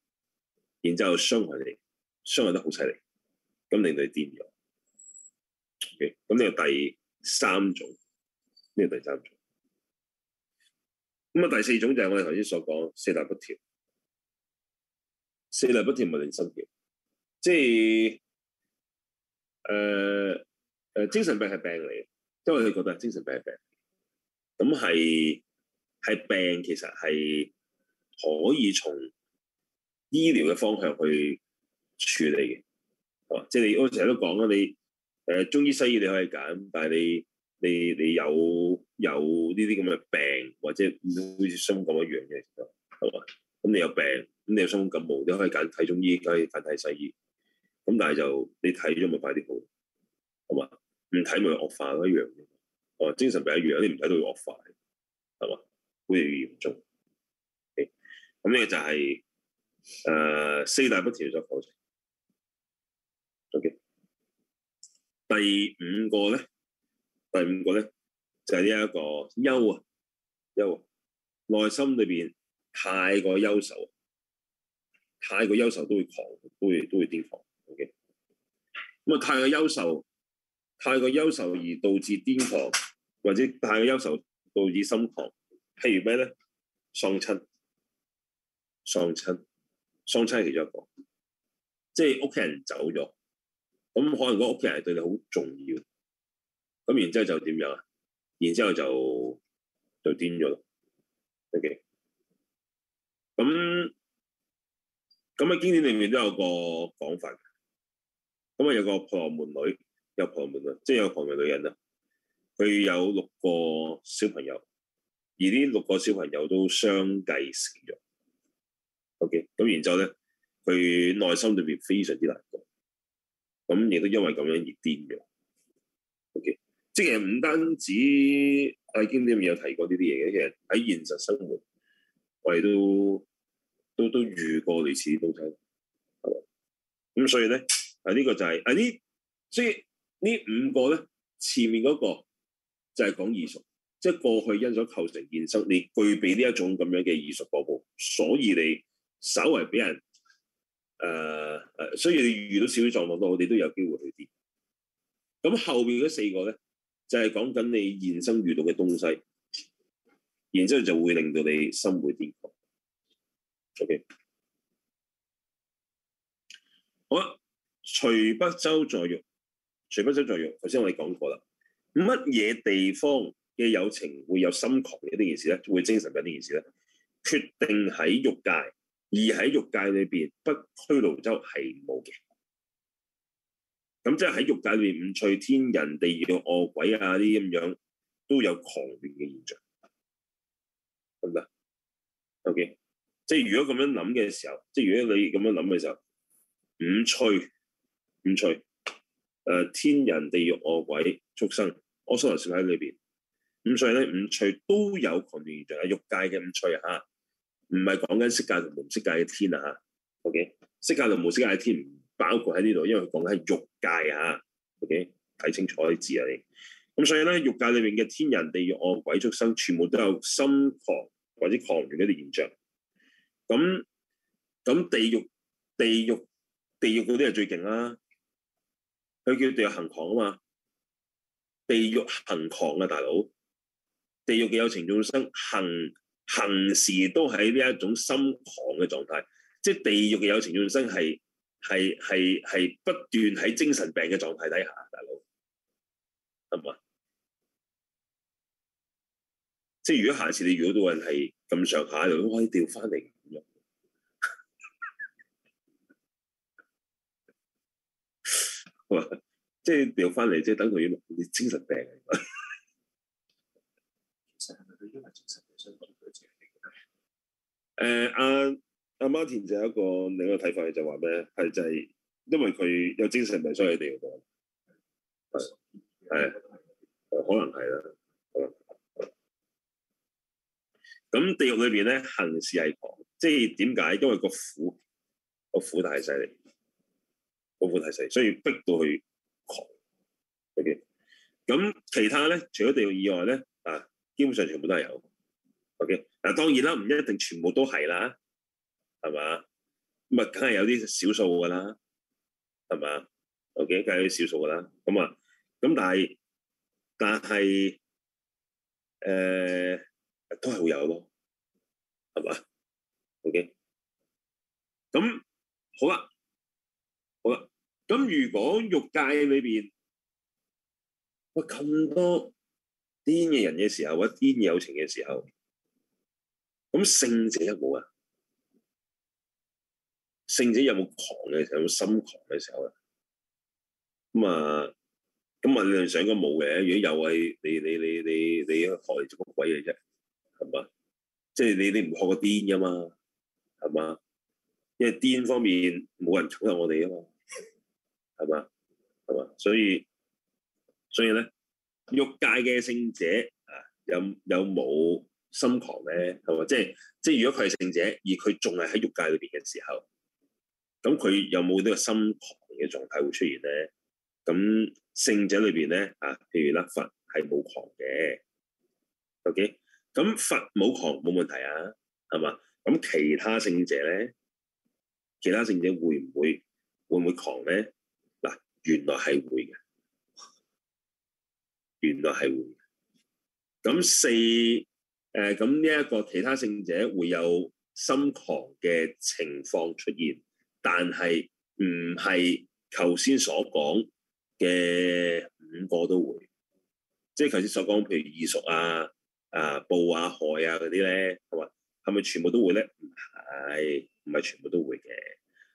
然之後傷害你，傷害得好犀利，咁令到你癲咗。OK，咁呢個第三種，呢、呢個第三種。咁啊，第四種就係我哋頭先所講四大不調，四大不調唔係心調，即係誒誒精神病係病嚟，因為佢覺得精神病係病，咁係係病其實係可以從醫療嘅方向去處理嘅，啊，即係你我成日都講啦，你誒、呃、中醫西醫你可以揀，但係你。你你有有呢啲咁嘅病，或者好似傷風感冒一樣嘅，好啊。咁你有病，咁你有傷風感冒，你可以揀睇中醫，可以揀睇西醫。咁但係就你睇咗咪快啲好，好嘛？唔睇咪惡化一樣嘅。哦，精神病一樣，你唔睇到要惡化，係嘛？好似越嚴重。咁呢個就係、是、誒、呃、四大不調咗講程。好嘅。第五個咧。第五個咧就係呢一個憂啊憂啊，內心裏邊太過憂愁，太過憂愁都會狂，都會都會顛狂。OK，咁啊太過憂愁，太過憂愁而導致顛狂，或者太過憂愁導致心狂。譬如咩咧？喪親，喪親，喪親係其中一個，即係屋企人走咗，咁可能嗰屋企人係對你好重要。咁然之後就點樣啊？然之後就就癲咗咯。OK。咁咁喺經典裏面都有個講法，咁啊有個婆門女，有婆門啊，即係有婆門女人啊。佢有六個小朋友，而呢六個小朋友都相繼死咗。OK。咁然之後咧，佢內心裏面非常之難過，咁亦都因為咁樣而癲咗。O K。即係唔單止經典裏有提過呢啲嘢嘅，其實喺現實生活，我哋都都都遇過類似嘅東西。咁所以咧，啊、這、呢個就係啊呢，所以呢五個咧，前面嗰個就係講異熟，即、就、係、是、過去因所構成現生，你具備呢一種咁樣嘅異熟個步，所以你稍為俾人誒誒、呃，所以你遇到少少狀況好，我哋都有機會去跌。咁後邊嗰四個咧。就係講緊你現生遇到嘅東西，然之後就會令到你心會變動。O、okay. K，好啦，除北洲在欲，除北洲在欲。頭先我哋講過啦，乜嘢地方嘅有情會有心狂嘅呢件事咧，會精神緊呢件事咧，決定喺欲界，而喺欲界裏邊北俱盧洲係無嘅。咁即係喺欲界裏邊五趣，天人、地獄餓鬼啊啲咁樣都有狂亂嘅現象，係咪？OK，即係如果咁樣諗嘅時候，即係如果你咁樣諗嘅時候，五趣，五趣，誒、呃、天人地獄餓鬼畜生，阿修羅世喺裏邊，五所以咧五趣都有狂亂現象，喺欲界嘅五趣啊，唔係講緊色界同無色界嘅天啊吓，OK，色界同無色界嘅天。包括喺呢度，因為佢講緊係欲界吓，OK，睇清楚啲字啊你。咁所以咧，欲界裏面嘅天人、地獄、餓鬼、畜生，全部都有心狂或者狂亂嘅現象。咁咁地獄地獄地獄嗰啲係最勁啦，佢叫地獄恆，恆狂啊嘛，地獄恆狂啊大佬，地獄嘅有情眾生恆恆時都喺呢一種心狂嘅狀態，即係地獄嘅有情眾生係。係係係不斷喺精神病嘅狀態底下，大佬，係咪？即、就、係、是、如果下次果、 就是就是、到你遇到啲人係咁上下，又可以調翻嚟咁樣，即係調翻嚟，即係等佢要精神病。誒 呃、啊！阿 Martin 就有一個另一個睇法就話，是就話、是、咩？係就係因為佢有精神唔衰喺地獄度，係係可能係啦。咁、嗯、地獄裏邊咧，行事係狂，即係點解？因為個苦個苦太犀利，個苦太犀，所以逼到去狂。O.K. 咁其他咧，除咗地獄以外咧，啊，基本上全部都係有。O.K. 嗱、啊，當然啦，唔一定全部都係啦。係嘛？咁係，梗係有啲少數噶啦，係嘛？O.K.，梗係啲少數噶啦。咁啊，咁但係，但係，誒、呃，都係會有咯，係嘛？O.K.，咁好啦，好啦。咁如果欲界裏邊，哇咁多癲嘅人嘅時候，或者癲友情嘅時候，咁勝者沒有冇啊！聖者有冇狂嘅時候，有冇心狂嘅時候嘅？咁啊，咁啊，你哋上咗冇嘅。如果又係你你你你你，你學嚟做乜鬼嘢啫？係嘛？即係你你唔學過癲㗎嘛？係嘛？因為癲方面冇人左右我哋啊嘛，係嘛？係嘛？所以所以咧，欲界嘅聖者啊，有有冇心狂咧？係嘛？即係即係，如果佢係聖者，而佢仲係喺欲界裏邊嘅時候。咁佢有冇呢個心狂嘅狀態會出現咧？咁聖者裏邊咧，啊，譬如喇，佛係冇狂嘅，OK。咁佛冇狂冇問題啊，係嘛？咁其他聖者咧，其他聖者會唔會會唔會狂咧？嗱，原來係會嘅，原來係會。咁四誒，咁呢一個其他聖者會有心狂嘅情況出現。但係唔係頭先所講嘅五個都會，即係頭先所講，譬如異熟啊、啊怖啊、害啊嗰啲咧，係嘛？係咪全部都會咧？唔係，唔係全部都會嘅。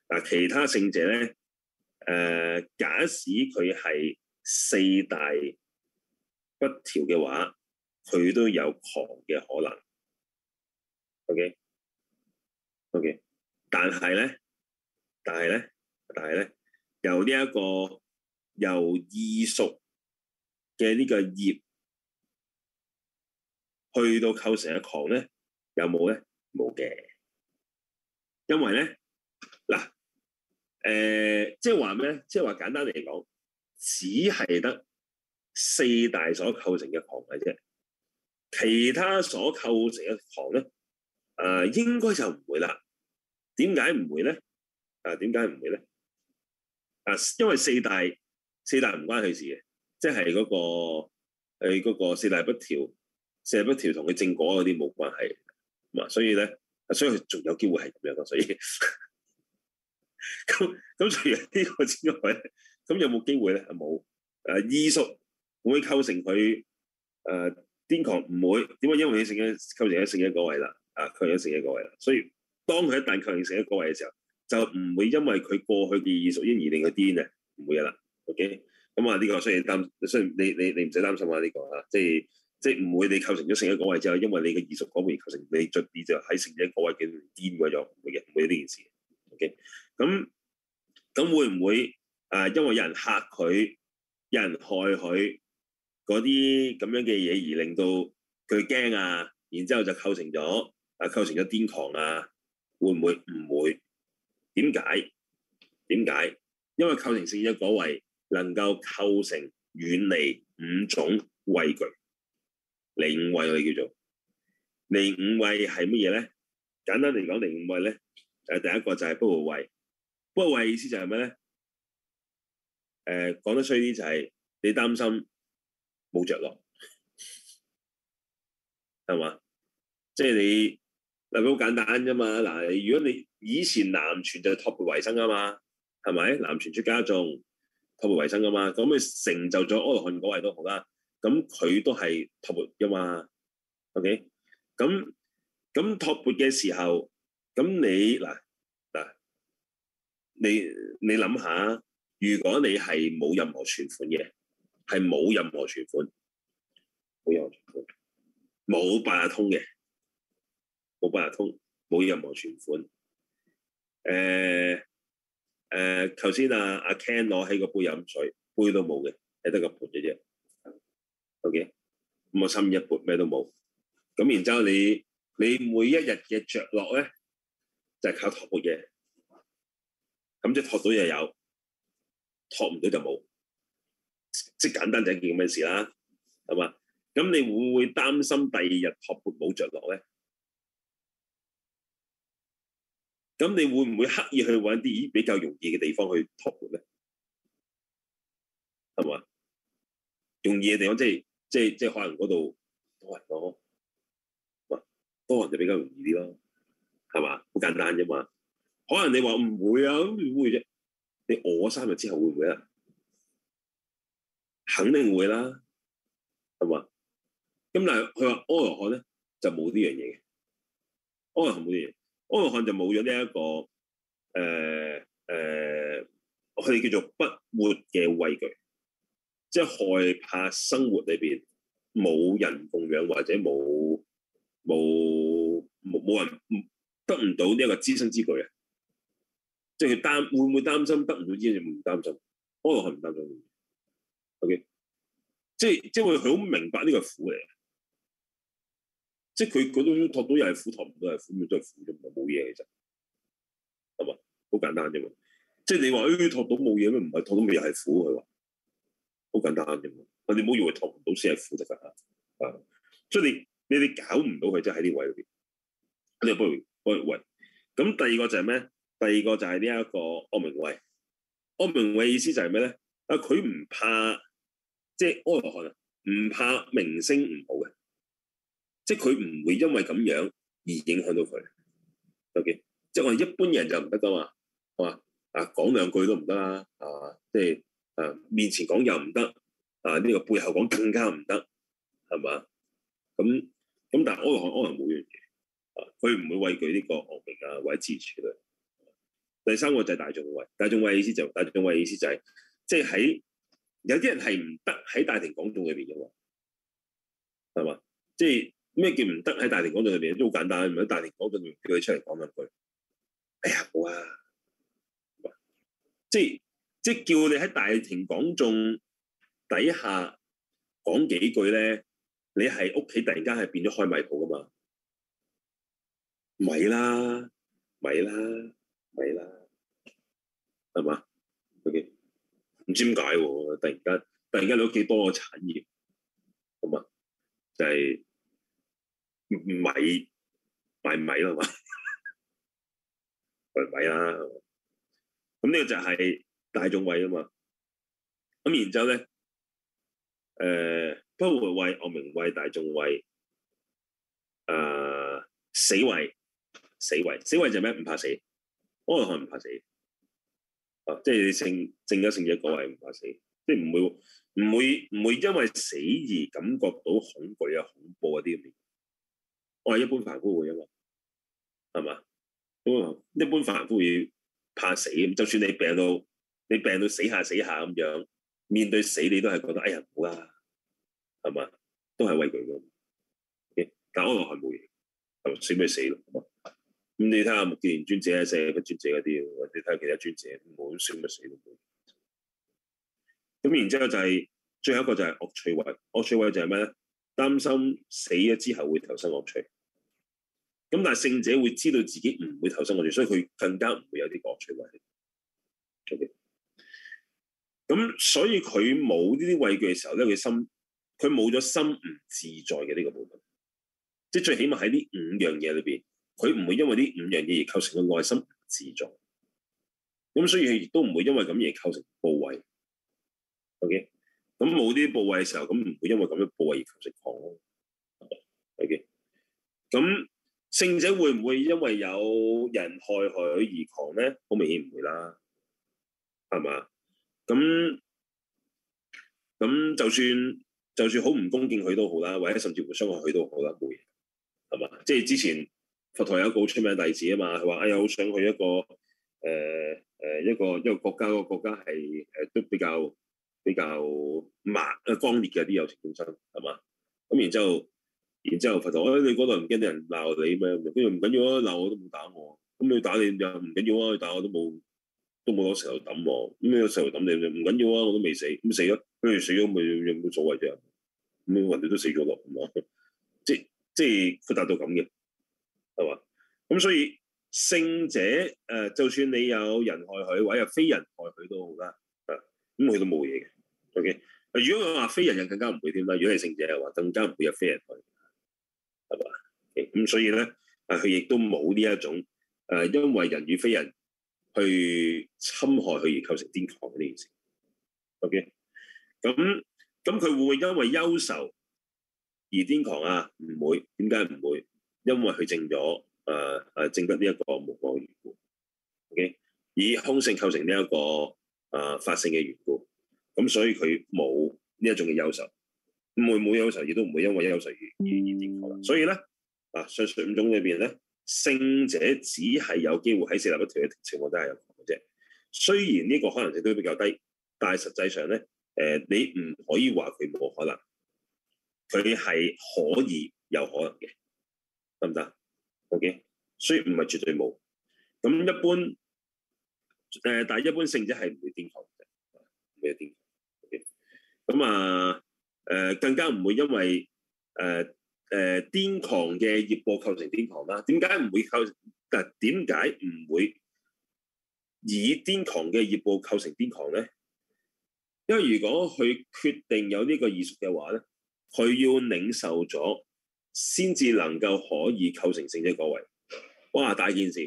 嗱，其他聖者咧，誒、呃，假使佢係四大不調嘅話，佢都有狂嘅可能。OK，OK，、okay? okay. 但係咧。但係咧，但係咧，由呢、這、一個由易熟異熟嘅呢個業去到構成一狂咧，有冇咧？冇嘅，因為咧嗱，誒、呃，即係話咩？即係話簡單嚟講，只係得四大所構成嘅狂嘅啫，其他所構成嘅狂咧，誒、呃，應該就唔會啦。點解唔會咧？啊？點解唔會咧？啊，因為四大，四大唔關佢事嘅，即係嗰個佢嗰個四大不調，四大不調同佢正果嗰啲冇關係。咁啊，所以咧，所以佢仲有機會係咁樣咯。所以咁咁 除咗呢個之外咧，咁有冇機會咧？啊，冇。誒，異熟會構成佢誒，癲狂，唔會。點解？因為你成日構成咗成一個位啦。啊，構成咗成一個位啦。所以當佢一旦構成成一個位嘅時候。就唔會因為佢過去嘅異熟因而令佢癲嘅，唔會嘅啦。OK，咁啊呢個雖然擔，雖然你你你唔使擔心啊、這、呢個啊，即係即係唔會你構成咗成一個位置之後，因為你嘅異熟講完構成你再啲就喺成一個位叫癲鬼咗，唔會嘅，唔會呢件事。OK，咁咁會唔會啊、呃？因為有人嚇佢，有人害佢，嗰啲咁樣嘅嘢而令到佢驚啊，然之後就構成咗啊，構成咗癲狂啊，會唔會唔會？點解？點解？因為構成聖嘅嗰位能夠構成遠離五種畏懼，離五畏，我哋叫做離五畏係乜嘢咧？簡單嚟講，離五畏咧，誒第一個就係不活畏，不活畏意思就係咩咧？誒講得衰啲就係你擔心冇着落，係嘛？即係你。係好簡單啫嘛，嗱，如果你以前南傳就托缽維生噶嘛，係咪？南傳出家眾托缽維生噶嘛，咁佢成就咗阿羅漢嗰位都好啦。咁佢都係托缽噶嘛，OK？咁咁托缽嘅時候，咁你嗱，嗱，你你諗下，如果你係冇任何存款嘅，係冇任何存款，冇任何存款，冇八達通嘅。冇八達通，冇任何存款。誒、呃、誒，頭、呃、先啊啊 Ken 攞起個杯飲水，杯都冇嘅，係得個盤嘅啫。OK，咁我心一盤咩都冇。咁然之後你你每一日嘅着落咧，就係、是、靠托盤嘢。咁即係托到又有，托唔到就冇，即係簡單就一件咁嘅事啦。係嘛？咁你會唔會擔心第二日托盤冇着落咧？咁你會唔會刻意去搵啲咦比較容易嘅地方去託管咧？係嘛？容易嘅地方即係即係即係可能嗰度多人咯，哇！多人就比較容易啲咯，係嘛？好簡單啫嘛。可能你話唔會啊？會啫。你我三日之後會唔會啊？肯定會啦。係嘛？咁但係佢話阿羅漢咧就冇呢樣嘢嘅，阿羅漢冇啲嘢。安樂漢就冇咗呢一個誒誒，佢哋叫做不活嘅畏懼，即係害怕生活裏邊冇人供養或者冇冇冇冇人得唔到呢一個資生之具啊！即係擔會唔會擔心得唔到資生會唔擔心？安樂漢唔擔心 OK 即係即係佢好明白呢個苦嚟即係佢佢都托到又係苦，托唔到又係苦，咪都係苦啫，唔係冇嘢其實係嘛，好簡單啫嘛。即係你話誒託到冇嘢咩？唔係托到咪又係苦佢話，好簡單啫嘛。你唔好以為托唔到先係苦就實啊。啊，所以你你哋搞唔到佢即係喺呢位裏邊。你不如，喂。咁第二個就係咩？第二個就係呢一個惡名畏。惡名畏意思就係咩咧？啊，佢唔怕即係安樂漢啊，唔怕名聲唔好嘅。即係佢唔會因為咁樣而影響到佢。OK，即係我哋一般人就唔得噶嘛，係嘛？啊，講兩句都唔得啦，啊，即係啊，面前講又唔得，啊呢、呢個背後講更加唔得，係嘛？咁、嗯、咁，但係可能可能無怨嘅，啊，佢唔會畏懼呢個惡名啊或者支持佢。第三個就係大眾的畏，大眾畏嘅意思就係、大眾畏嘅意思就係、是就是，即係喺有啲人係唔得喺大庭廣眾裏邊嘅喎，係嘛？即係。咩叫唔得喺大庭廣眾裏面？都好簡單，唔喺大庭廣眾裏面叫佢出嚟講一句。哎呀，好啊，即係即係叫你喺大庭廣眾底下講幾句咧，你喺屋企突然間係變咗開米鋪噶嘛？咪啦，咪啦，咪啦，係嘛？O.K. 唔知點解喎？突然間，突然間你屋企多個產業，係嘛？就係、是。米買米啦嘛，位位啦，咁呢個就係大眾畏啊嘛。咁然之後咧，誒，不活畏，惡名畏，大眾畏，誒，死畏，死畏，死畏就係咩？唔怕死，可能唔怕死，啊，即、就、係、是、你聖者、聖者嗰位唔怕死，即係唔會唔會唔會因為死而感覺到恐懼啊、恐怖啊啲咁。我係一般凡夫會啊嘛，係嘛？咁一般凡夫會怕死咁，就算你病到你病到死下死下咁樣，面對死你都係覺得哎呀，唔好啦，係嘛？都係畏懼嘅。但安樂係冇嘢，係咪死唔死咯？咁你睇下目犍連尊者啊，成日都尊者嗰啲或者睇下其他尊者，唔好算咪死都冇。咁然之後就係、是、最後一個就係惡趣畏，惡趣畏就係咩咧？擔心死咗之後會投身惡趣。咁但係聖者會知道自己唔會投身我哋，所以佢更加唔會有啲惡趣畏。O K. 咁所以佢冇呢啲畏懼嘅時候咧，佢心佢冇咗心唔自在嘅呢、這個部分，即係最起碼喺呢五樣嘢裏邊，佢唔會因為呢五樣嘢而構成個內心唔自在。咁所以亦都唔會因為咁而構成怖畏。O K. 咁冇呢啲怖畏嘅時候，咁唔會因為咁樣怖畏而構成狂咯。O K. 咁。聖者會唔會因為有人害佢而狂咧？好明顯唔會啦，係嘛？咁咁就算就算好唔恭敬佢都好啦，或者甚至傷害佢都好啦，冇嘢，係嘛？即係之前佛陀有一個好出名嘅例子啊嘛，佢話，哎呀，好想去一個誒誒一個一個國家，個國家係誒都比較比較麻誒剛烈嘅啲有情本身，係嘛？咁然之後。然之後佛頭就說，誒你嗰度唔驚啲人鬧你咩？跟住唔緊要啊，鬧我都冇打我，咁你打你就唔緊要啊，你打我都冇，都冇攞石頭揼我，咁你有石頭揼你又唔緊要啊，我都未死，咁死咗，跟住死咗咪有冇所謂啫？咁人哋都死咗落，即係即係豁達到咁嘅，係嘛？咁所以聖者誒，就算你有人害佢，或者非人害佢都好啦，啊，咁佢都冇嘢嘅。OK，如果佢話非人又更加唔會添啦，如果係聖者又話更加唔會有非人害。係嘛？咁、okay。所以咧，啊，佢亦都冇呢一種誒、呃，因為人與非人去侵害佢而構成癲狂嘅呢件事。OK，咁咁佢會唔會因為憂愁而癲狂啊？唔會，點解唔會？因為佢證咗誒誒，證得呢一個無我嘅緣故。OK，以空性構成呢、這、一個誒、呃、法性嘅緣故，咁所以佢冇呢一種嘅憂愁。唔會冇憂愁，亦都唔會因為憂愁而而癲。嗯嗯、所以咧，啊，上述五種裏邊咧，聖者只係有機會喺四大不調嘅情況底下有嘅啫。雖然呢個可能性都比較低，但係實際上咧，誒、呃，你唔可以話佢冇可能，佢係可以有可能嘅，得唔得？OK，所以唔係絕對冇。咁一般，誒、呃，但係一般聖者係唔會癲嘅，唔會癲咁啊。誒、呃，更加唔會因為誒誒癲狂嘅業報構成癲狂啦。點解唔會構成？嗱、啊，點解唔會以癲狂嘅業報構成癲狂咧？因為如果佢決定有這個屬的呢個異熟嘅話咧，佢要領受咗，先至能夠可以構成聖者果位。哇，大件事！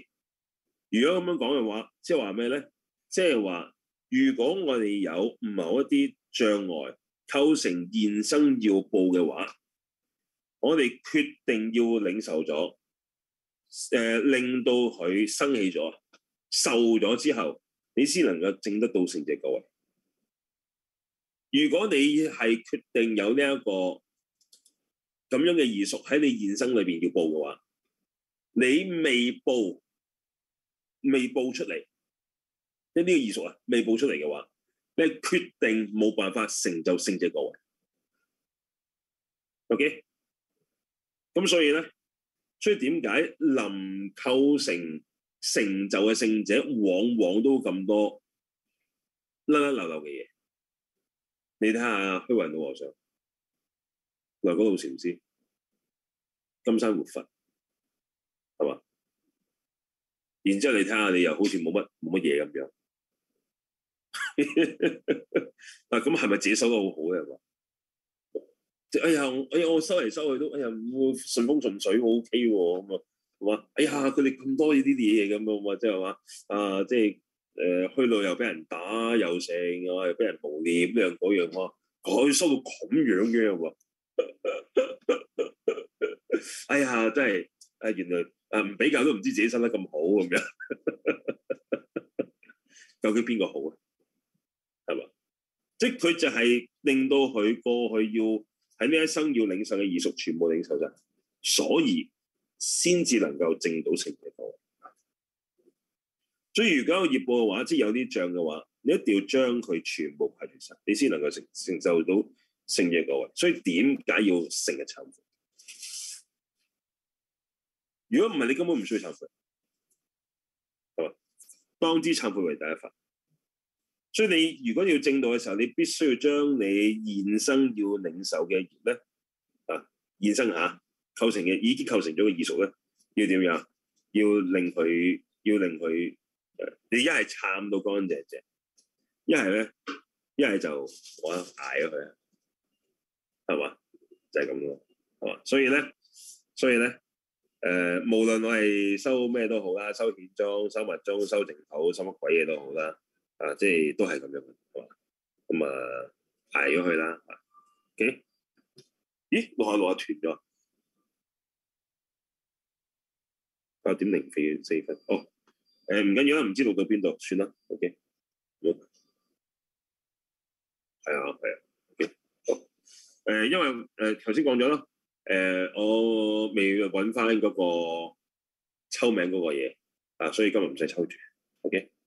如果咁樣講嘅話，即係話咩咧？即係話，如果我哋有某一啲障礙。構成現生要報嘅話，我哋決定要領受咗，誒、呃、令到佢生起咗、受咗之後，你先能夠證得到成隻果位。如果你係決定有呢、這、一個咁樣嘅異熟喺你現生裏邊要報嘅話，你未報、未報出嚟，即係呢個異熟啊，未報出嚟嘅話。你決定冇辦法成就聖者各位，OK？咁所以咧，所以點解能構成成就嘅聖者，往往都咁多甩甩漏漏嘅嘢？你睇下虛雲老和尚，來果老禪師，金山活佛，係嘛？然之後你睇下，你又好似冇乜冇乜嘢咁樣。嗱，咁係咪自己收得好好咧？即係哎呀，哎呀，我收嚟收去都，哎呀，順風順水，好 OK 喎。咁啊，話哎呀，佢哋咁多呢啲嘢嘢咁啊，即係話啊，即係誒，去旅遊又俾人打又剩，又係俾人無理呢樣嗰樣，哇，佢收到咁樣嘅喎。哎呀，真係，啊，原來啊，唔比較都唔知自己收得咁好咁樣。究竟邊個好啊？即係佢就係令到佢過去要喺呢一生要領受嘅異熟全部領受晒，所以先至能夠證到聖嘅位。所以如果有業報嘅話，即係有啲帳嘅話，你一定要將佢全部排除晒，你先能夠承承受到聖嘅位。所以點解要成日懺悔？如果唔係，你根本唔需要懺悔。好，當知懺悔為第一法。所以你如果要正道嘅時候，你必須要將你現生要領受嘅業咧，啊，現生吓構成嘅，已經構成咗嘅異熟咧，要點樣？要令佢，要令佢，你一係鏟到乾淨淨，一係咧，一係就我挨咗佢啊，係嘛？就係咁咯，係嘛？所以咧，所以咧，誒、呃，無論我係收咩都好啦，收顯宗、收密宗、收淨土、收乜鬼嘢都好啦。啊，即係都係咁樣嘅，係嘛？咁啊，排咗去啦。OK，咦？六啊六啊斷咗，八點零四四分。哦，誒唔緊要啦，唔知錄到邊度，算啦。OK，哦啊啊。OK，好。係啊，係啊。誒，因為誒頭先講咗啦，誒、呃呃、我未搵返嗰個抽名嗰個嘢啊，所以今日唔使抽住。OK。